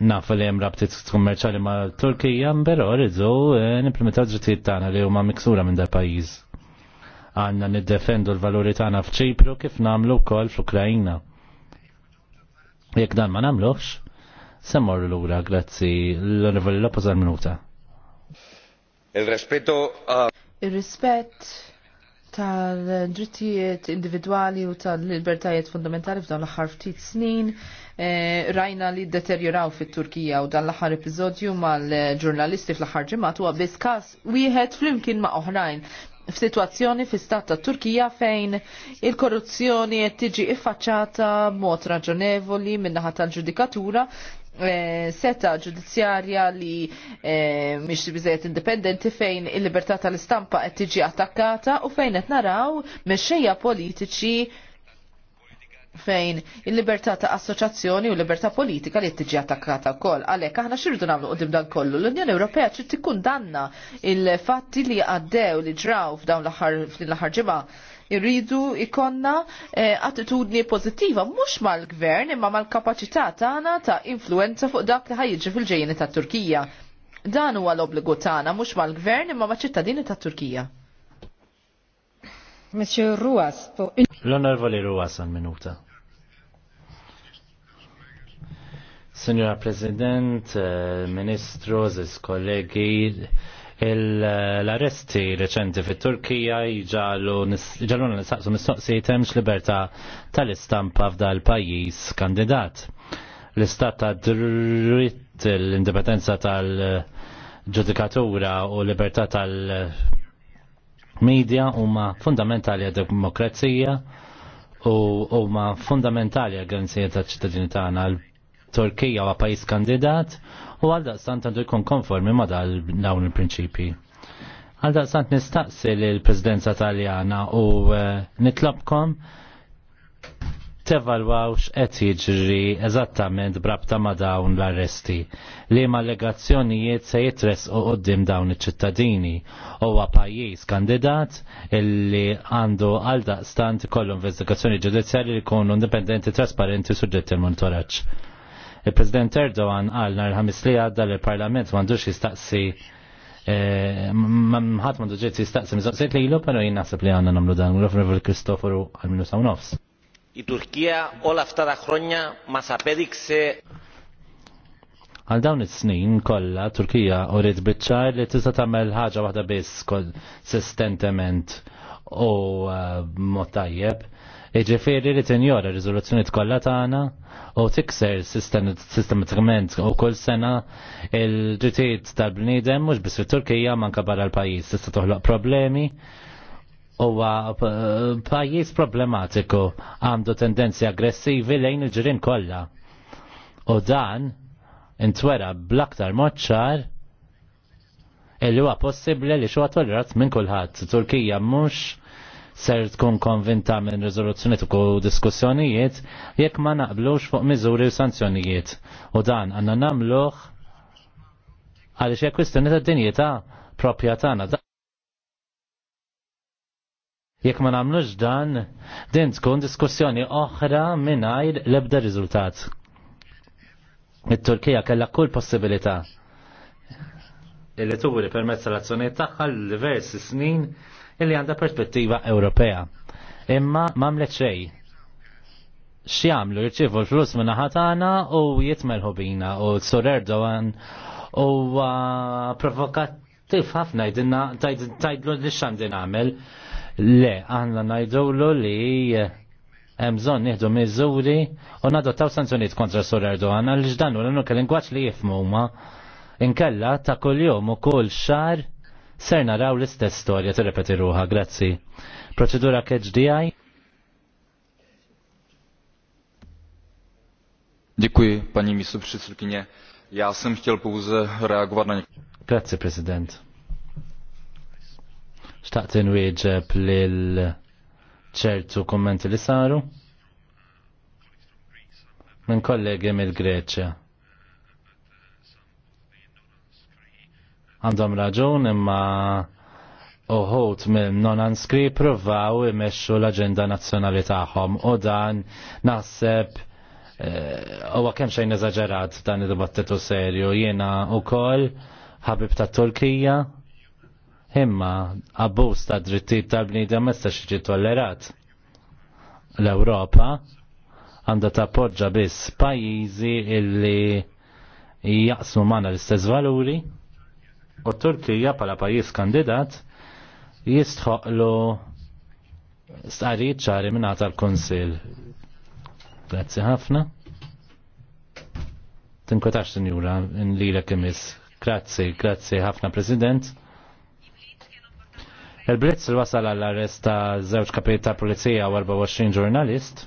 A: naf li jem rabtit kummerċali ma' Turkija, pero rridu eh, nimplementaw ġitiet tagħna li huma miksura minn dal pajjiż għanna niddefendu l-valuri tagħna f'Ċipru kif nagħmlu wkoll fl-Ukrajna. Jekk dan ma nagħmluhx, semmor lura grazzi l-onorevoli Lopez minuta. Il-rispetto
C: Il-rispett tal-drittijiet individwali u tal-libertajiet fundamentali f'dan l-aħħar ftit snin eh, rajna li deterjoraw fit-Turkija u dan l-aħħar episodju mal-ġurnalisti fl-aħħar ġimgħat huwa biss każ wieħed flimkien ma' oħrajn f'sitwazzjoni fi stat ta' Turkija fejn il-korruzzjoni qed tiġi iffaċċata b'mod raġonevoli min-naħa tal-ġudikatura eh, seta ġudizzjarja li eh, mhix biżejjed indipendenti fejn il-libertà tal-istampa qed tiġi attakkata u fejn qed naraw mexxejja politiċi fejn il-libertà ta' assoċjazzjoni u libertà politika li tiġi attakkata wkoll. Għalhekk aħna xirridu nagħmlu qudiem dan kollu. L-Unjoni Ewropea trid tikkundanna il-fatti li għaddew li ġraw f'dawn l-aħħar ġimgħa irridu ikonna eh, attitudni pozittiva mhux mal-gvern imma mal-kapaċità tagħna ta' influenza fuq dak li ħajjiġi fil-ġejjeni tat-Turkija. Dan huwa l-obbligu tagħna mhux mal-gvern imma maċ-ċittadini tat-Turkija. Ruas.
A: l Ruas għal minuta. Signora President, Ministru, Ziz kollegi, l-arresti reċenti fit turkija ġaluna nistaqsu mistoqsijiet temx liberta tal-istampa f'dal pajjiż kandidat. L-istat ta' dritt l-indipendenza tal-ġudikatura u libertà tal- Media huma fundamentali għad-demokrazija u huma fundamentali għad garanzija ta' ċittadini tagħna l-Turkija u pajjiż kandidat u għal daqstant għandu jkun konformi ma' dawn il-prinċipji. Għal daqstant nistaqsi l-Presidenza Taljana u eh, nitlobkom tevalwawx qed jiġri eżattament brabta ma' dawn l-arresti li ma' legazzjonijiet se jitres u qoddim dawn iċ-ċittadini huwa pajjiż kandidat illi għandu għal daqstant kollu investigazzjoni ġudizzjali li jkunu indipendenti trasparenti suġġetti l-monitoraġġ. Il-President Erdogan qal nhar ħamis li għadda l-Parlament m'għandux jistaqsi eh, ħadd m'għandu ġiet jistaqsi miżoqsijiet lilu, però jien naħseb li għandna nagħmlu dan. l Rofrevel Kristoforu għal-minu sa' Η Τουρκία όλα αυτά τα χρόνια μας απέδειξε għal dawn is-snin kollha Turkija urid biċċar li tista' tagħmel ħaġa waħda biss konsistentement u eh, mod tajjeb. jiġifieri li tinjora r-riżoluzzjoni kollha tagħna u tikser sistematikament u kull sena il-ġitiet tal-bniedem mhux biss fit-Turkija manka barra l-pajjiż tista' toħloq problemi huwa pajjiż problematiku għandu tendenzi aggressivi lejn il-ġirin kollha. U dan intwera bl-aktar moċċar illi huwa possibbli li xogħol tollerat minn kulħadd. Turkija mhux ser tkun konvinta minn riżoluzzjoni u diskussjonijiet jekk ma naqblux fuq miżuri u sanzjonijiet. U dan għandna nagħmluh għaliex hekk kwistjoni tad-dinjità propja tagħna. Jekk ma nagħmlux dan, din tkun diskussjoni oħra mingħajr l-ebda riżultat. It-Turkija kellha kull possibilità illi turi permezz tal-azzjonijiet tagħha l-diversi snin illi għandha perspettiva Ewropea. Imma m'għamlet xejn. X'jamlu jirċivu l-flus minna ħatana u jitmelħu bina u s Sur Erdogan u provokattiv ħafna jdinna tgħidlu li xandin għamel Le, għanna najdowlu li eh, bżon nieħdu miżuri u nadottaw sanzjoniet kontra Sur Erdogan għal ġdanu l unika lingwaċ li jifmu ma inkella ta' kull jom u kull xar ser naraw l-istess storja tirrepeti ruħa, grazzi. Proċedura KHDI? Dziękuję pani wiceprzewodniczącej. Ja sam chciał pouze reagować na Grazie prezydent. Xtaqt inwieġeb lil ċertu kommenti li saru minn kollegi mill-Greċja. Għandhom raġun imma uħut minn non-anskri provaw imesċu l-agenda nazzjonali tagħhom u dan naħseb eh, u għakem xejn eżaġerat dan id-dibattitu serju jiena wkoll ħabib tat-Turkija imma abbuż ta' drittijiet tal bnidem ma jistax jiġi tollerat. L-Ewropa għandha tappoġġa biss pajjiżi illi jaqsmu magħna l-istess valuri u Turkija bħala pajjiż kandidat jistħoqlu stqarrijiet ċari minn tal-Kunsill. Grazzi ħafna. Tinkwetax sinjura n lilek imis. Grazzi, grazzi ħafna President. Il-Blitz wasal għall-arrest ta' żewġ kapit ta' pulizija u 24 ġurnalist,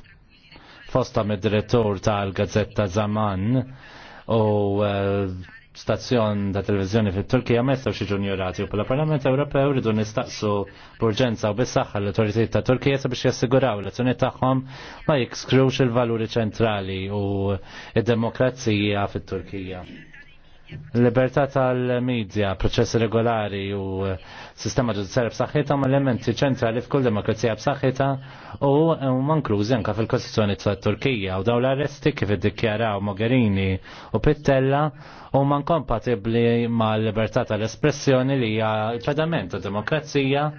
A: fosta mid-direttur tal-Gazzetta Zaman u eh, stazzjon ta' televizjoni fit turkija messa xi ġunjurati u pala Parlament Ewropew ridu nistaqsu b'urġenza u bis-saħħa l-autoritajiet ta' Turkija sabiex jassiguraw l azzjoni tagħhom ma jikskrux il-valuri ċentrali u id-demokrazija fit-Turkija. Libertà tal-medja, processi regolari u eh, sistema ġudizzjarja b'saħħitha ma elementi ċentrali f'kull demokrazija b'saħħitha u huma inklużi anke fil-Kostituzzjoni tat-Turkija u dawn l-arresti kif iddikjaraw Mogherini u Pittella huma inkompatibbli mal-libertà tal-espressjoni li hija l-pedament tad-demokrazija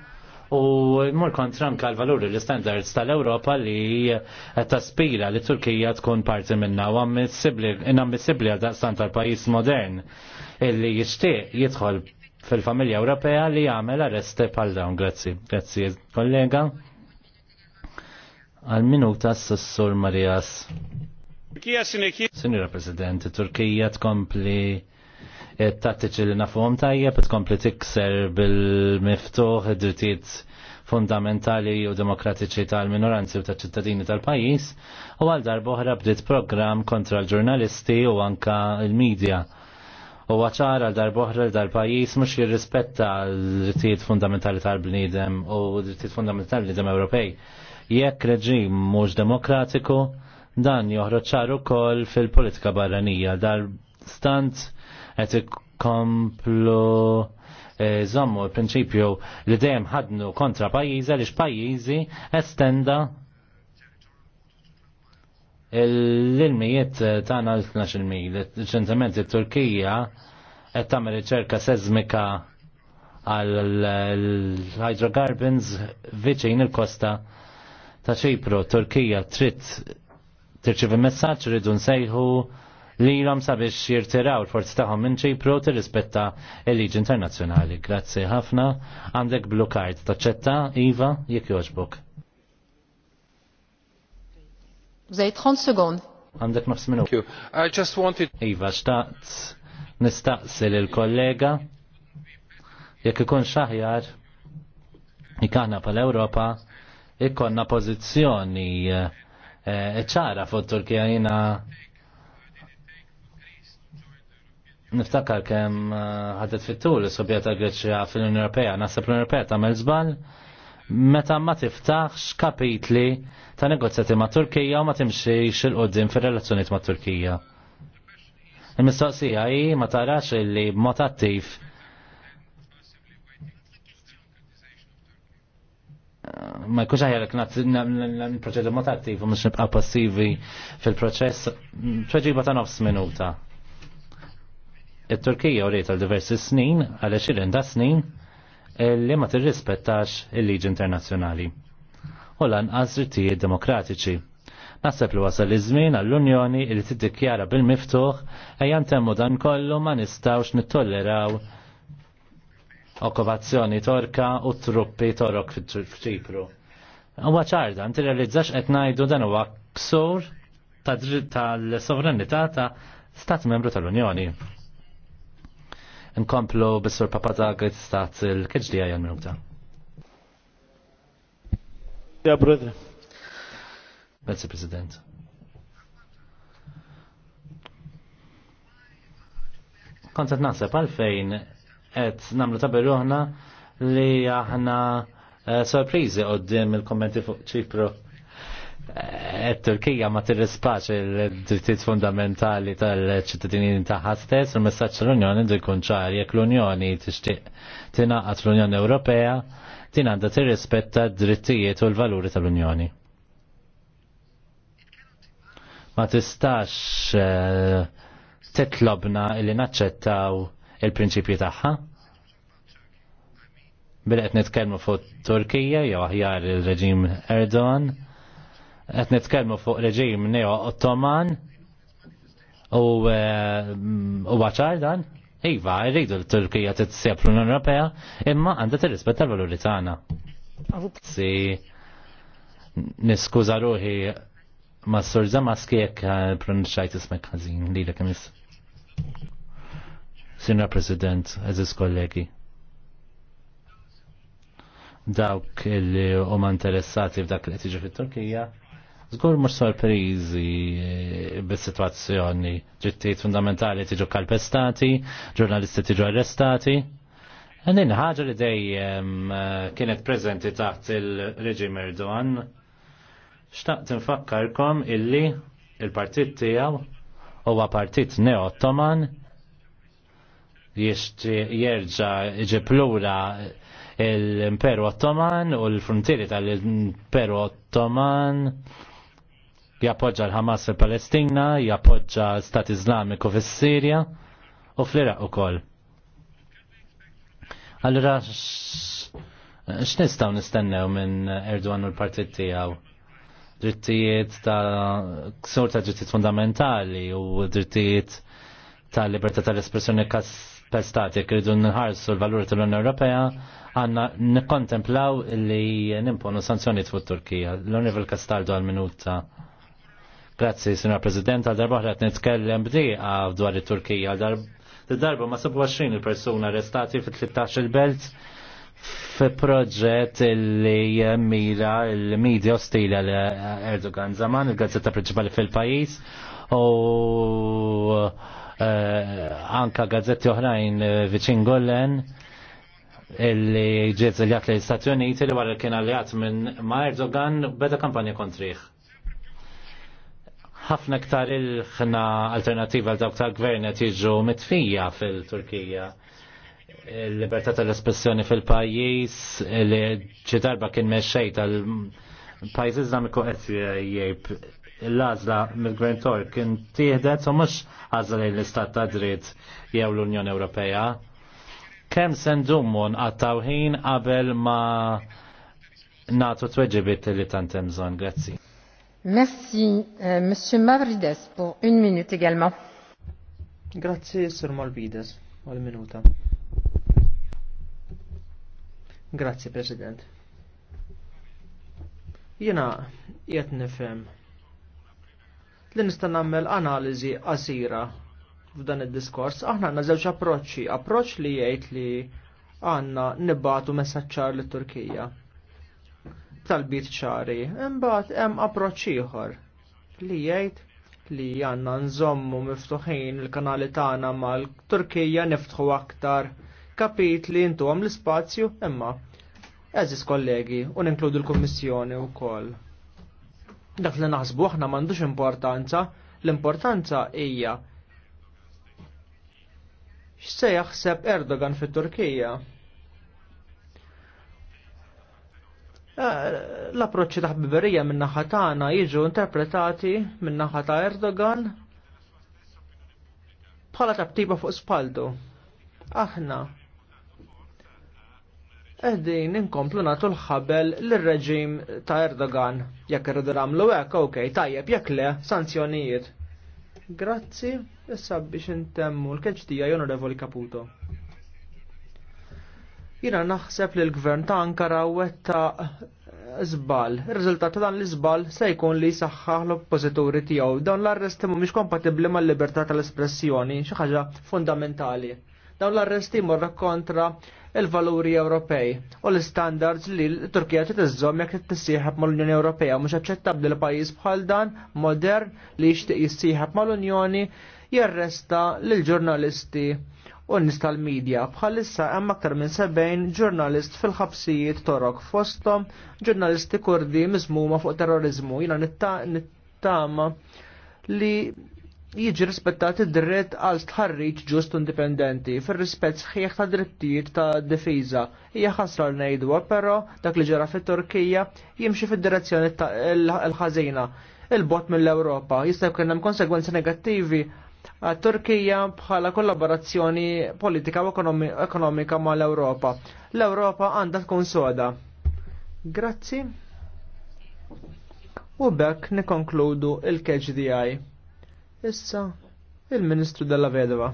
A: u mur kontra anka l-valuri l-standards tal-Europa li taspira li Turkija tkun parti minna u għammissibli għal daqstan tal-pajis modern illi jishtiq jidħol fil-familja Ewropea li jagħmel arresti pal dawn. Grazzi. Grazzi, kollega. Għal minuta s-sur s-sinikija. Sinira President, Turkija tkompli tattiċi li nafuhom tajjeb tkompli tikser bil-miftuħ id-drittijiet fundamentali u demokratiċi tal-minoranzi u taċ ċittadini tal-pajis u għal darboħra bdiet program kontra l-ġurnalisti u anka l-medja u għaċara għal darboħra l l-dal-pajis mux jirrispetta l-drittijiet fundamentali tal-bnidem u l-drittijiet fundamentali l-bnidem Ewropej. Jekk reġim mux demokratiku, dan joħroċ ċar kol fil-politika barranija. Dar stant et ikomplu żommu eh, l-prinċipju li dejjem ħadnu kontra pajjiżi għaliex pajjiżi estenda l-ilmijiet tagħna l-12 mil. Reċentement it-Turkija qed tagħmel riċerka seżmika għal hydrocarbons viċin il-kosta ta' ċipru, Turkija trid tirċivi messaġġ rridu nsejħu li jilom sabiex jirtiraw l-forzi tagħhom minn ċipru rispetta il-liġi internazjonali. Grazzi ħafna, għandek blue card taċċetta, Iva, jek joġbuk.
C: Zajt 30 sekund.
A: Għandek nofs minu. I just wanted. Iva, xtaqt nistaqsil il kollega Jek ikun xaħjar ikana pal-Europa ikonna pozizjoni eh, ċara fuq Turkija jina Niftakar kem ħadet fit-tul is-Sovjet Greċja fil-Unjoni Ewropea, naħseb l-Unjoni Ewropea ta' Melzbal, meta ma tiftaħx kapitli ta' negozjati ma' Turkija u ma timxiex il-qoddim fir-relazzjonijiet ma' Turkija. Il-mistoqsija hi ma tarax illi b'mod attiv ma jkunx aħjar n-proċedu mod attiv u mhux nibqa' passivi fil-proċess. Tweġiba ta' nofs minuta. Il-Turkija u rejta diversi snin, għal 20 da snin, li ma tirrispettax il-liġi internazzjonali. U lanqas drittijiet demokratiċi. Naħseb li wasal iż-żmien għall-Unjoni li tiddikjara bil-miftuħ ejja ntemmu dan kollu ma nistgħux nittolleraw okkupazzjoni torka u truppi torok f'Ċipru. Huwa ċarda, nti realizzax qed ngħidu dan huwa ksur tal-sovranità ta' stat membru tal-Unjoni. Nkomplu bis-sur Papata għet stat il-keġdi għajan minuta. Ja, brother. Grazie, President. Kontet naħseb għalfejn qed namlu tabi li aħna eh, sorprizi għoddim il-kommenti fuq ċipru Eh, Turkija ma tirrispaċ il-drittijiet fundamentali tal-ċittadini tagħha stess, il-messaġġ l-Unjoni dikun ċar jekk l-Unjoni tixtieq tingħaqad l-Unjoni Ewropea din għandha tirrispetta d-drittijiet u l-valuri tal-Unjoni. Ma tistax eh, titlobna li naċċettaw il-prinċipji tagħha bil-qed nitkellmu fuq Turkija jew aħjar il-reġim Erdogan qed nitkellmu fuq reġim neo-Ottoman u eh, għaċar dan, iva, rridu l-Turkija titseb l-Unjoni Ewropea, imma għandha tirrispetta l-valuri tagħna. Si niskuża ruħi ma' Sur Zamaski jekk eh, pronunċajt ismek ħażin li l kemm Sinra President, eżis kollegi dawk li huma interessati f'dak li qed fit-Turkija Zgur mux sorprizi eh, bis-situazzjoni, ġittijiet fundamentali tiġu kalpestati, ġurnalisti tiġu arrestati. Għannin ħagġa li dejjem eh, kienet prezenti taħt il-reġim Erdogan. Xtaqt nfakkarkom illi il-partit tijaw huwa partit neo-Ottoman jerġa iġiplura l-Imperu Ottoman u l-frontieri tal-Imperu Ottoman jappoġġa l-Hamas fil-Palestina, jappoġġa l-Stat Islamiku fis-Sirja u fl-Iraq ukoll. Allura x'nistgħu nistennew minn Erdogan u l-partit tiegħu? Drittijiet ta' ksur ta' drittijiet fundamentali u drittijiet ta' libertà tal-espressjoni pestati kridu nħarsu l-valur tal-Unjoni Ewropea għanna nikkontemplaw li nimponu sanzjoniet fuq Turkija. L-Univel Kastardo għal-minuta. Grazzi, Sra. President, għal darba ħrat nitkellem bdiqa dwar it-Turkija. Darba ma 27 il-persuna arrestati fit-13 il-belt fi proġett li mira il-medja ostila l Erdogan zaman, il-gazzetta principali fil-pajis, u eh, anka gazzetti oħrajn eh, viċin Gollen illi ġiet li l-Istati Uniti li wara kien għaljat minn ma' Erdogan beda kampanja kontriħ ħafna ktar il-ħna alternativa għal dawk tal-gvern qed jiġu mitfija fil-Turkija il-libertà tal-espressjoni fil-pajjiż li ġi darba kien mexxej tal-pajjiż Iżlamiku qed jgħid l-għażla mill-Gvern Tork kien tieħdet u mhux għażla lejn l-Istat ta' dritt jew l-Unjoni Ewropea. Kemm se ndumu nqattaw qabel ma nagħtu tweġibiet li tant hemm bżonn, grazzi.
B: Merci, euh, Monsieur Mavrides, pour une minute également. Grazie, Sir Malvides, għal minuta. Grazie, President. Jena, jett nifem. Li nista' nagħmel analiżi qasira f'dan id-diskors, aħna għandna żewġ approċċi, approċċ li jgħid li għandna nibbagħtu messaċċar lit Turkija tal-bit ċari. Imbagħad hemm approċċ ieħor li jgħid li għandna nżommu miftuħin il-kanali tagħna mal-Turkija niftħu aktar kapit jintu għam l-ispazju imma eżis kollegi u inkludu l-Kummissjoni wkoll. Dak li naħsbu aħna m'għandux importanza, l-importanza hija x'se jaħseb Erdogan fit-Turkija. Eh, l-approċċi ta' ħbiberija minn naħa tagħna jiġu interpretati minn naħa ta' Erdogan bħala tabtiba fuq spaldu. Aħna qegħdin inkomplu natu l-ħabel l-reġim ta' Erdogan. Jekk irridu nagħmlu hekk, okej, tajjeb, jekk le, sanzjonijiet. Grazzi, issa biex intemmu l-keċ tiegħi Onorevoli Caputo. Jina naħseb li l-gvern ta' Ankara wetta zbal. Il-rizultat ta' dan l zbal se jkun li saħħaħ l-oppozituri tiegħu. Dawn l-arresti mhumiex kompatibbli mal-libertà tal-espressjoni, xi ħaġa fundamentali. Dawn l-arresti morra kontra il-valuri Ewropej u l-standards li l-Turkija trid iżżomm jekk tissieħab mal-Unjoni Ewropea mhux aċċettabbli l pajjiż bħal dan modern li jixtieq jissieħab mal-Unjoni jarresta l ġurnalisti u nis tal-medja bħalissa hemm aktar minn 70 ġurnalist fil-ħabsijiet torok fostom ġurnalisti kurdi miżmuma fuq terrorizmu jiena nittama li jiġi rispettat id-dritt għal tħarriġ ġust indipendenti fir-rispett sħiħ ta' drittijiet ta' difiża. Hija ħasra l ngħidwa, però dak li ġara fit-Turkija jimxi fid-direzzjoni l-ħażina il-bot mill-Ewropa jista' jkun hemm konsegwenzi negattivi Turkija bħala kollaborazzjoni politika u ekonomika ma l-Europa. L-Europa għandha tkun soda. Grazzi. U bekk nikonkludu il-KHDI. Issa, il-Ministru della Vedova.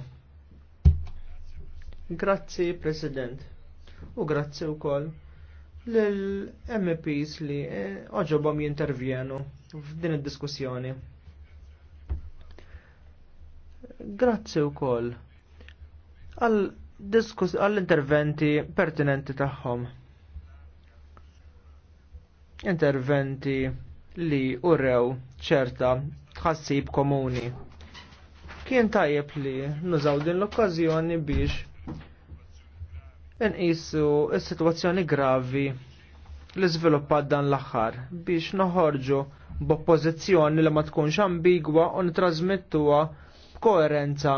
B: Grazzi, President. U grazzi u koll l-MPs li eh, oġobom jintervjenu f'din id-diskussjoni. Grazzi wkoll għall-interventi pertinenti tagħhom. Interventi li urrew ċerta tħassib komuni. Kien tajjeb li nużaw din l-okkażjoni biex nqisu s-sitwazzjoni gravi li żviluppat dan l-aħħar biex noħorġu b'oppożizzjoni li ma tkunx ambigwa u nitrażmittuha f'koerenza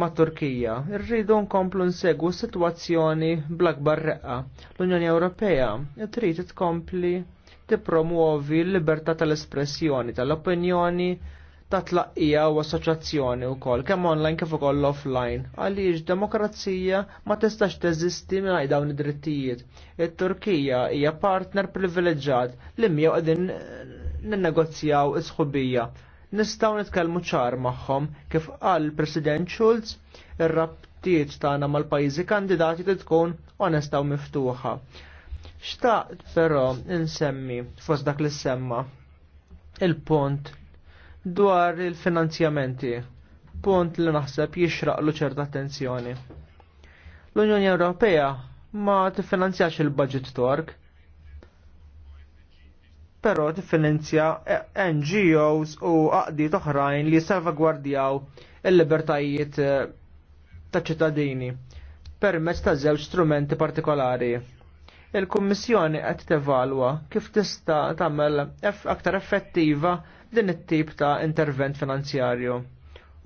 B: ma' Turkija. Irridu nkomplu nsegwu situazzjoni bl-akbar reqqa. L-Unjoni Ewropea trid tkompli tippromuovi l-libertà tal-espressjoni, tal-opinjoni, ta' tlaqqija u assoċjazzjoni wkoll kemm online kif ukoll offline. Għaliex demokrazija ma tistax teżisti mingħajr dawn id-drittijiet. It-Turkija hija partner privileġġat li mjew qegħdin ninnegozjaw is-sħubija nistaw nitkellmu ċar magħhom kif qal President Schulz ir-rabtiet tagħna mal-pajjiżi kandidati tkun onesta u miftuħa. Xtaqt però insemmi fost dak li semma il-punt dwar il-finanzjamenti, punt li naħseb jixraqlu ċerta attenzjoni. L-Unjoni Ewropea ma tiffinanzjax il-budget tork, però tiffinanzja e- NGOs u għaqdiet oħrajn li salvagwardjaw il-libertajiet eh, ta' ċittadini permezz ta' żewġ strumenti partikolari. Il-Kummissjoni qed tevalwa kif tista' tagħmel aktar effettiva din it-tip ta' intervent finanzjarju.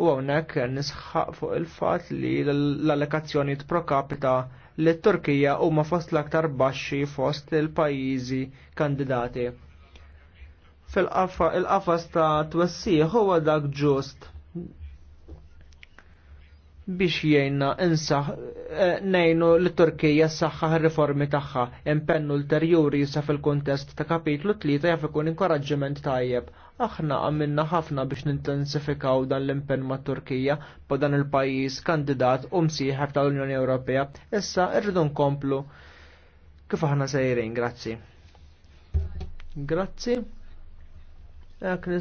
B: U hawnhekk nisħaq fuq il-fatt li l-allokazzjoni pro capita li t-Turkija huma fost l-aktar baxxi fost il-pajjiżi kandidati fil-qafas ta' twessih huwa dak ġust biex jgħinna insaħ eh, nejnu li Turkija saħħa riformi tagħha impenn ulterjuri sa fil-kontest ta' kapitlu tlieta jaf ikun inkoraġġiment tajjeb. Aħna għamilna ħafna biex nintensifikaw dan l-impenn ma' Turkija po dan il-pajjiż kandidat u ta' tal-Unjoni Ewropea. Issa rridu nkomplu kif aħna sejrin, grazzi. Grazzi dak li